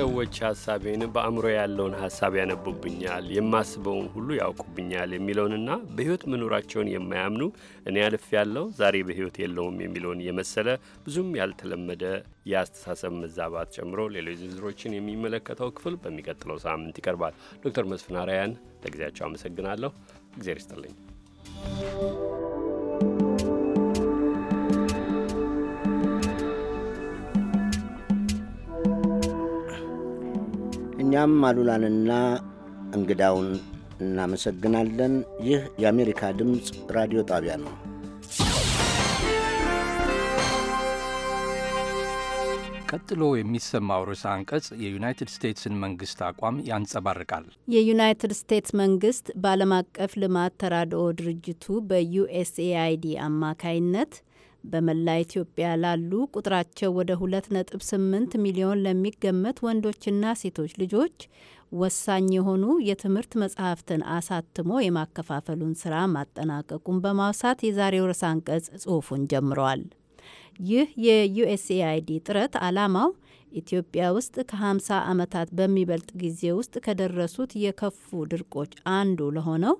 ሰዎች ሀሳቤን በአእምሮ ያለውን ሀሳብ ያነቡብኛል፣ የማስበውን ሁሉ ያውቁብኛል የሚለውንና በሕይወት መኖራቸውን የማያምኑ እኔ አልፍ ያለው ዛሬ በሕይወት የለውም የሚለውን የመሰለ ብዙም ያልተለመደ የአስተሳሰብ መዛባት ጨምሮ ሌሎች ዝርዝሮችን የሚመለከተው ክፍል በሚቀጥለው ሳምንት ይቀርባል። ዶክተር መስፍን አርያን ለጊዜያቸው አመሰግናለሁ። እግዜር ይስጥልኝ። እኛም አሉላንና እንግዳውን እናመሰግናለን። ይህ የአሜሪካ ድምፅ ራዲዮ ጣቢያ ነው። ቀጥሎ የሚሰማው ርዕሰ አንቀጽ የዩናይትድ ስቴትስን መንግስት አቋም ያንጸባርቃል። የዩናይትድ ስቴትስ መንግስት በዓለም አቀፍ ልማት ተራድኦ ድርጅቱ በዩኤስኤአይዲ አማካይነት በመላ ኢትዮጵያ ላሉ ቁጥራቸው ወደ 2.8 ሚሊዮን ለሚገመት ወንዶችና ሴቶች ልጆች ወሳኝ የሆኑ የትምህርት መጽሐፍትን አሳትሞ የማከፋፈሉን ስራ ማጠናቀቁን በማውሳት የዛሬው ርዕሰ አንቀጽ ጽሑፉን ጀምረዋል። ይህ የዩኤስኤአይዲ ጥረት ዓላማው ኢትዮጵያ ውስጥ ከ50 ዓመታት በሚበልጥ ጊዜ ውስጥ ከደረሱት የከፉ ድርቆች አንዱ ለሆነው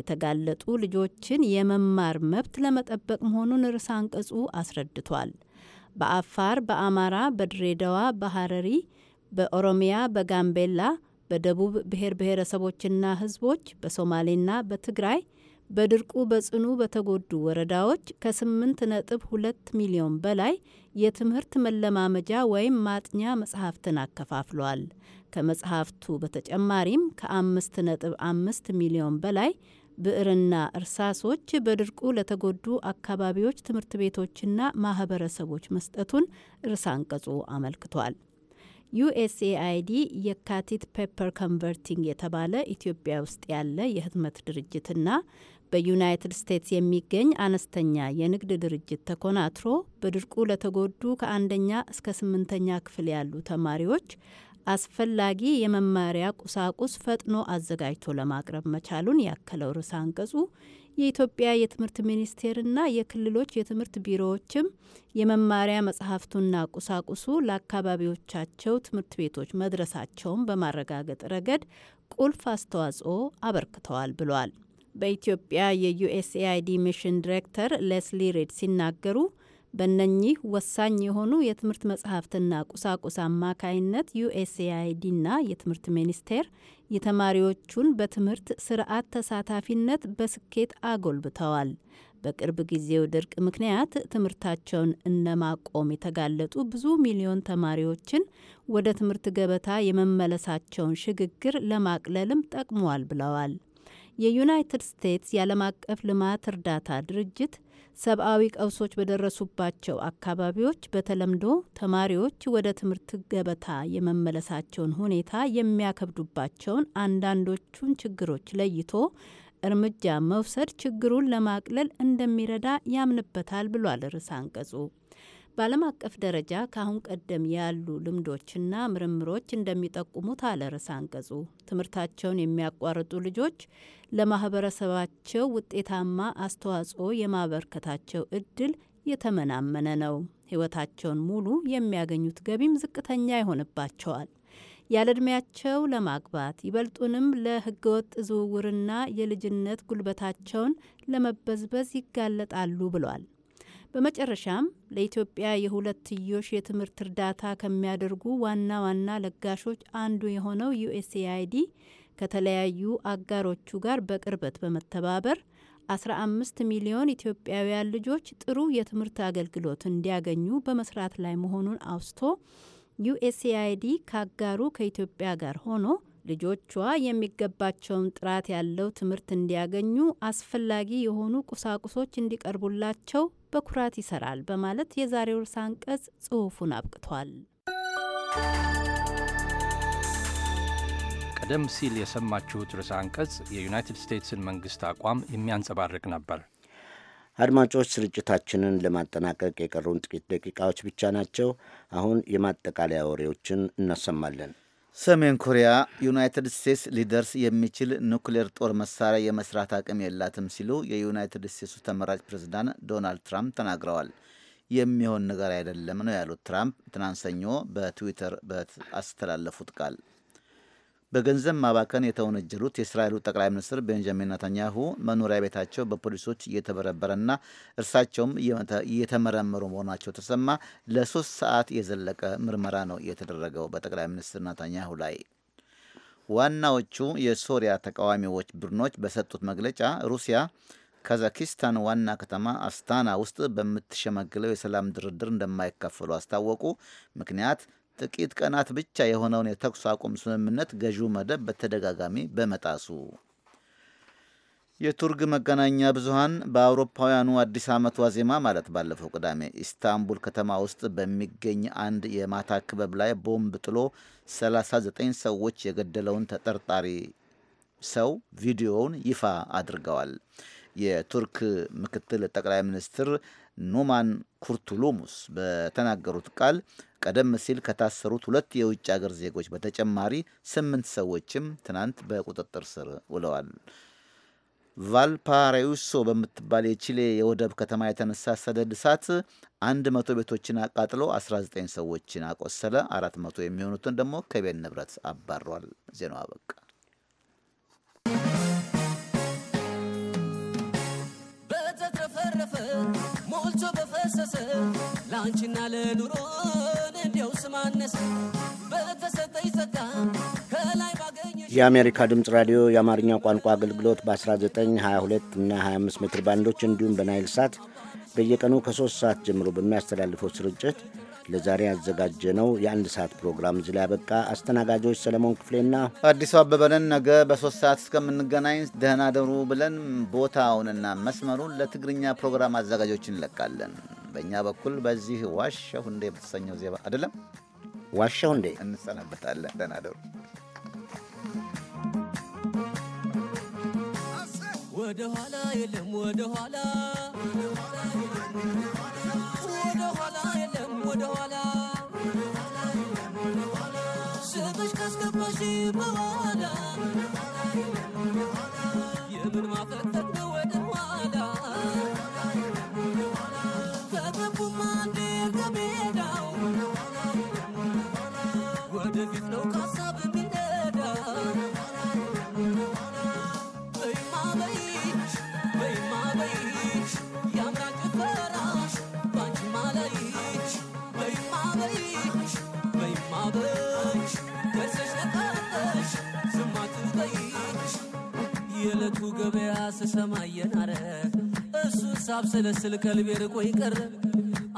የተጋለጡ ልጆችን የመማር መብት ለመጠበቅ መሆኑን ርዕሰ አንቀጹ አስረድቷል። በአፋር፣ በአማራ፣ በድሬዳዋ፣ በሐረሪ፣ በኦሮሚያ፣ በጋምቤላ፣ በደቡብ ብሔር ብሔረሰቦችና ሕዝቦች፣ በሶማሌና በትግራይ በድርቁ በጽኑ በተጎዱ ወረዳዎች ከ8.2 ሚሊዮን በላይ የትምህርት መለማመጃ ወይም ማጥኛ መጽሐፍትን አከፋፍሏል። ከመጽሐፍቱ በተጨማሪም ከ 5 ሚሊዮን በላይ ብዕርና እርሳሶች በድርቁ ለተጎዱ አካባቢዎች ትምህርት ቤቶችና ማህበረሰቦች መስጠቱን ርዕሰ አንቀጹ አመልክቷል። ዩኤስኤአይዲ የካቲት ፔፐር ኮንቨርቲንግ የተባለ ኢትዮጵያ ውስጥ ያለ የህትመት ድርጅትና በዩናይትድ ስቴትስ የሚገኝ አነስተኛ የንግድ ድርጅት ተኮናትሮ በድርቁ ለተጎዱ ከአንደኛ እስከ ስምንተኛ ክፍል ያሉ ተማሪዎች አስፈላጊ የመማሪያ ቁሳቁስ ፈጥኖ አዘጋጅቶ ለማቅረብ መቻሉን ያከለው ርዕሰ አንቀጹ የኢትዮጵያ የትምህርት ሚኒስቴርና የክልሎች የትምህርት ቢሮዎችም የመማሪያ መጽሐፍቱና ቁሳቁሱ ለአካባቢዎቻቸው ትምህርት ቤቶች መድረሳቸውን በማረጋገጥ ረገድ ቁልፍ አስተዋጽኦ አበርክተዋል ብሏል። በኢትዮጵያ የዩኤስኤአይዲ ሚሽን ዲሬክተር ሌስሊ ሬድ ሲናገሩ በእነኚህ ወሳኝ የሆኑ የትምህርት መጽሐፍትና ቁሳቁስ አማካይነት ዩኤስኤአይዲና የትምህርት ሚኒስቴር የተማሪዎቹን በትምህርት ስርዓት ተሳታፊነት በስኬት አጎልብተዋል። በቅርብ ጊዜው ድርቅ ምክንያት ትምህርታቸውን እነማቆም የተጋለጡ ብዙ ሚሊዮን ተማሪዎችን ወደ ትምህርት ገበታ የመመለሳቸውን ሽግግር ለማቅለልም ጠቅሟል ብለዋል። የዩናይትድ ስቴትስ የዓለም አቀፍ ልማት እርዳታ ድርጅት ሰብአዊ ቀውሶች በደረሱባቸው አካባቢዎች በተለምዶ ተማሪዎች ወደ ትምህርት ገበታ የመመለሳቸውን ሁኔታ የሚያከብዱባቸውን አንዳንዶቹን ችግሮች ለይቶ እርምጃ መውሰድ ችግሩን ለማቅለል እንደሚረዳ ያምንበታል ብሏል ርዕሰ አንቀጹ። በዓለም አቀፍ ደረጃ ከአሁን ቀደም ያሉ ልምዶችና ምርምሮች እንደሚጠቁሙት አለ ርዕሰ አንቀጹ ትምህርታቸውን የሚያቋርጡ ልጆች ለማህበረሰባቸው ውጤታማ አስተዋጽኦ የማበርከታቸው እድል የተመናመነ ነው። ህይወታቸውን ሙሉ የሚያገኙት ገቢም ዝቅተኛ ይሆንባቸዋል። ያለ ዕድሜያቸው ለማግባት ይበልጡንም ለህገወጥ ዝውውርና የልጅነት ጉልበታቸውን ለመበዝበዝ ይጋለጣሉ ብሏል። በመጨረሻም ለኢትዮጵያ የሁለትዮሽ የትምህርት እርዳታ ከሚያደርጉ ዋና ዋና ለጋሾች አንዱ የሆነው ዩኤስኤአይዲ ከተለያዩ አጋሮቹ ጋር በቅርበት በመተባበር 15 ሚሊዮን ኢትዮጵያውያን ልጆች ጥሩ የትምህርት አገልግሎት እንዲያገኙ በመስራት ላይ መሆኑን አውስቶ ዩኤስኤአይዲ ካጋሩ ከኢትዮጵያ ጋር ሆኖ ልጆቿ የሚገባቸውን ጥራት ያለው ትምህርት እንዲያገኙ አስፈላጊ የሆኑ ቁሳቁሶች እንዲቀርቡላቸው በኩራት ይሰራል በማለት የዛሬው ርዕሰ አንቀጽ ጽሑፉን አብቅቷል። ቀደም ሲል የሰማችሁት ርዕሰ አንቀጽ የዩናይትድ ስቴትስን መንግስት አቋም የሚያንጸባርቅ ነበር። አድማጮች፣ ስርጭታችንን ለማጠናቀቅ የቀሩን ጥቂት ደቂቃዎች ብቻ ናቸው። አሁን የማጠቃለያ ወሬዎችን እናሰማለን። ሰሜን ኮሪያ ዩናይትድ ስቴትስ ሊደርስ የሚችል ኑክሌር ጦር መሳሪያ የመስራት አቅም የላትም ሲሉ የዩናይትድ ስቴትሱ ተመራጭ ፕሬዝዳንት ዶናልድ ትራምፕ ተናግረዋል። የሚሆን ነገር አይደለም ነው ያሉት ትራምፕ ትናንት ሰኞ በትዊተር በአስተላለፉት ቃል በገንዘብ ማባከን የተወነጀሉት የእስራኤሉ ጠቅላይ ሚኒስትር ቤንጃሚን ነታንያሁ መኖሪያ ቤታቸው በፖሊሶች እየተበረበረና እርሳቸውም እየተመረመሩ መሆናቸው ተሰማ። ለሶስት ሰዓት የዘለቀ ምርመራ ነው የተደረገው በጠቅላይ ሚኒስትር ነታንያሁ ላይ። ዋናዎቹ የሶሪያ ተቃዋሚዎች ቡድኖች በሰጡት መግለጫ ሩሲያ ካዛኪስታን ዋና ከተማ አስታና ውስጥ በምትሸመግለው የሰላም ድርድር እንደማይካፈሉ አስታወቁ። ምክንያት ጥቂት ቀናት ብቻ የሆነውን የተኩስ አቁም ስምምነት ገዢው መደብ በተደጋጋሚ በመጣሱ የቱርክ መገናኛ ብዙሃን በአውሮፓውያኑ አዲስ ዓመት ዋዜማ ማለት ባለፈው ቅዳሜ ኢስታንቡል ከተማ ውስጥ በሚገኝ አንድ የማታ ክበብ ላይ ቦምብ ጥሎ 39 ሰዎች የገደለውን ተጠርጣሪ ሰው ቪዲዮውን ይፋ አድርገዋል። የቱርክ ምክትል ጠቅላይ ሚኒስትር ኖማን ኩርቱሉሙስ በተናገሩት ቃል ቀደም ሲል ከታሰሩት ሁለት የውጭ አገር ዜጎች በተጨማሪ ስምንት ሰዎችም ትናንት በቁጥጥር ስር ውለዋል። ቫልፓራዩሶ በምትባል የቺሌ የወደብ ከተማ የተነሳ ሰደድ እሳት 100 ቤቶችን አቃጥሎ 19 ሰዎችን አቆሰለ። 400 የሚሆኑትን ደግሞ ከቤት ንብረት አባሯል። ዜናው አበቃ። አነሰ ለአንቺና ለኑሮን እንዲያው በተሰጠኝ ጸጋ ከላይ የአሜሪካ ድምፅ ራዲዮ የአማርኛ ቋንቋ አገልግሎት በ 1922 እና 25 ሜትር ባንዶች እንዲሁም በናይል ሳት በየቀኑ ከሶስት ሰዓት ጀምሮ በሚያስተላልፈው ስርጭት ለዛሬ ያዘጋጀነው የአንድ ሰዓት ፕሮግራም እዚህ ላይ ያበቃ። አስተናጋጆች ሰለሞን ክፍሌና አዲሱ አበበንን ነገ በሶስት ሰዓት እስከምንገናኝ ደህና ደሩ ብለን ቦታውንና መስመሩን ለትግርኛ ፕሮግራም አዘጋጆች እንለቃለን። በእኛ በኩል በዚህ ዋሻሁ እንዴ በተሰኘው ዜማ አይደለም ዋሻሁ እንዴ እንሰናበታለን። ደህና ደሩ። ወደኋላ የለም ወደኋላ ወደኋላ የለም ወደኋላ ስምሽ ካስገባሽ በኋላ የምን ማፈጠጥ የዕለቱ ገበያ ስሰማ የናረ እሱን ሳብሰለስል ከልቤ ርቆ ይቀረ።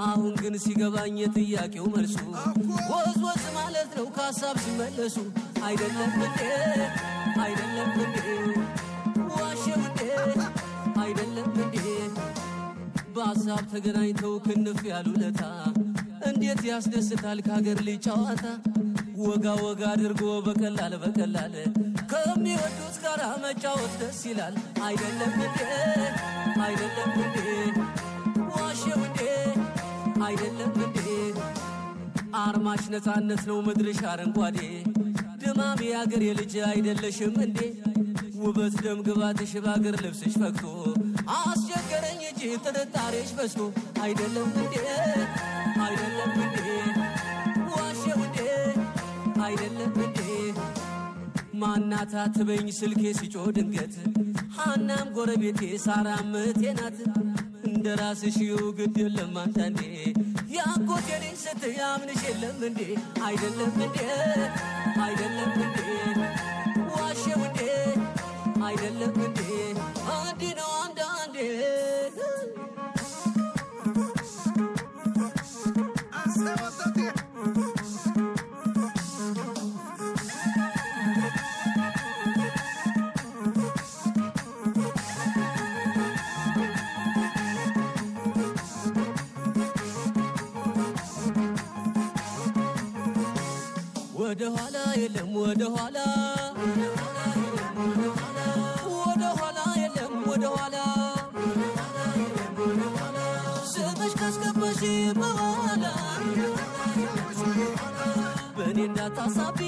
አሁን ግን ሲገባኝ የጥያቄው መልሱ ወዝ ወዝ ማለት ነው ከሀሳብ ሲመለሱ። አይደለም እንዴ አይደለም እንዴ ዋሸው እንዴ አይደለም እንዴ በሀሳብ ተገናኝተው ክንፍ ለታ እንዴት ያስደስታል ከሀገር ልጅ ጨዋታ ወጋ ወጋ አድርጎ በቀላል በቀላል ከሚወዱት ጋር መጫወት ደስ ይላል አይደለም እንዴ? አይደለም እንዴ? ዋሸው እንዴ? አይደለም እንዴ? አርማሽ ነፃነት ነው መድረሻ አረንጓዴ ድማም የአገር የልጅ አይደለሽም እንዴ? ውበት ደም ግባትሽ በአገር ልብስሽ ፈግቶ አስቸገረኝ እጅ ጥርጣሬሽ በዝቶ አይደለም እንዴ? አይደለም እንዴ? አይደለም እንዴ ማናታ ትበኝ ስልኬ ሲጮ ድንገት ሐናም ጎረቤቴ ሳራም ናት እንደ ራስሽ ግድ የለም አንዳንዴ ያጎቴኔ ስትያምንሽ የለም እንዴ አይደለም እንዴ አይደለም እንዴ ዋሸው እንዴ አይደለም እንዴ አንድ ነው አንዳንዴ ወደ ኋላ የለም ወደ ኋላ ወደ ኋላ የለም ወደ ኋላ ስምሽ ካስገባሽ በኋላ በእኔ እንዳታሳቢ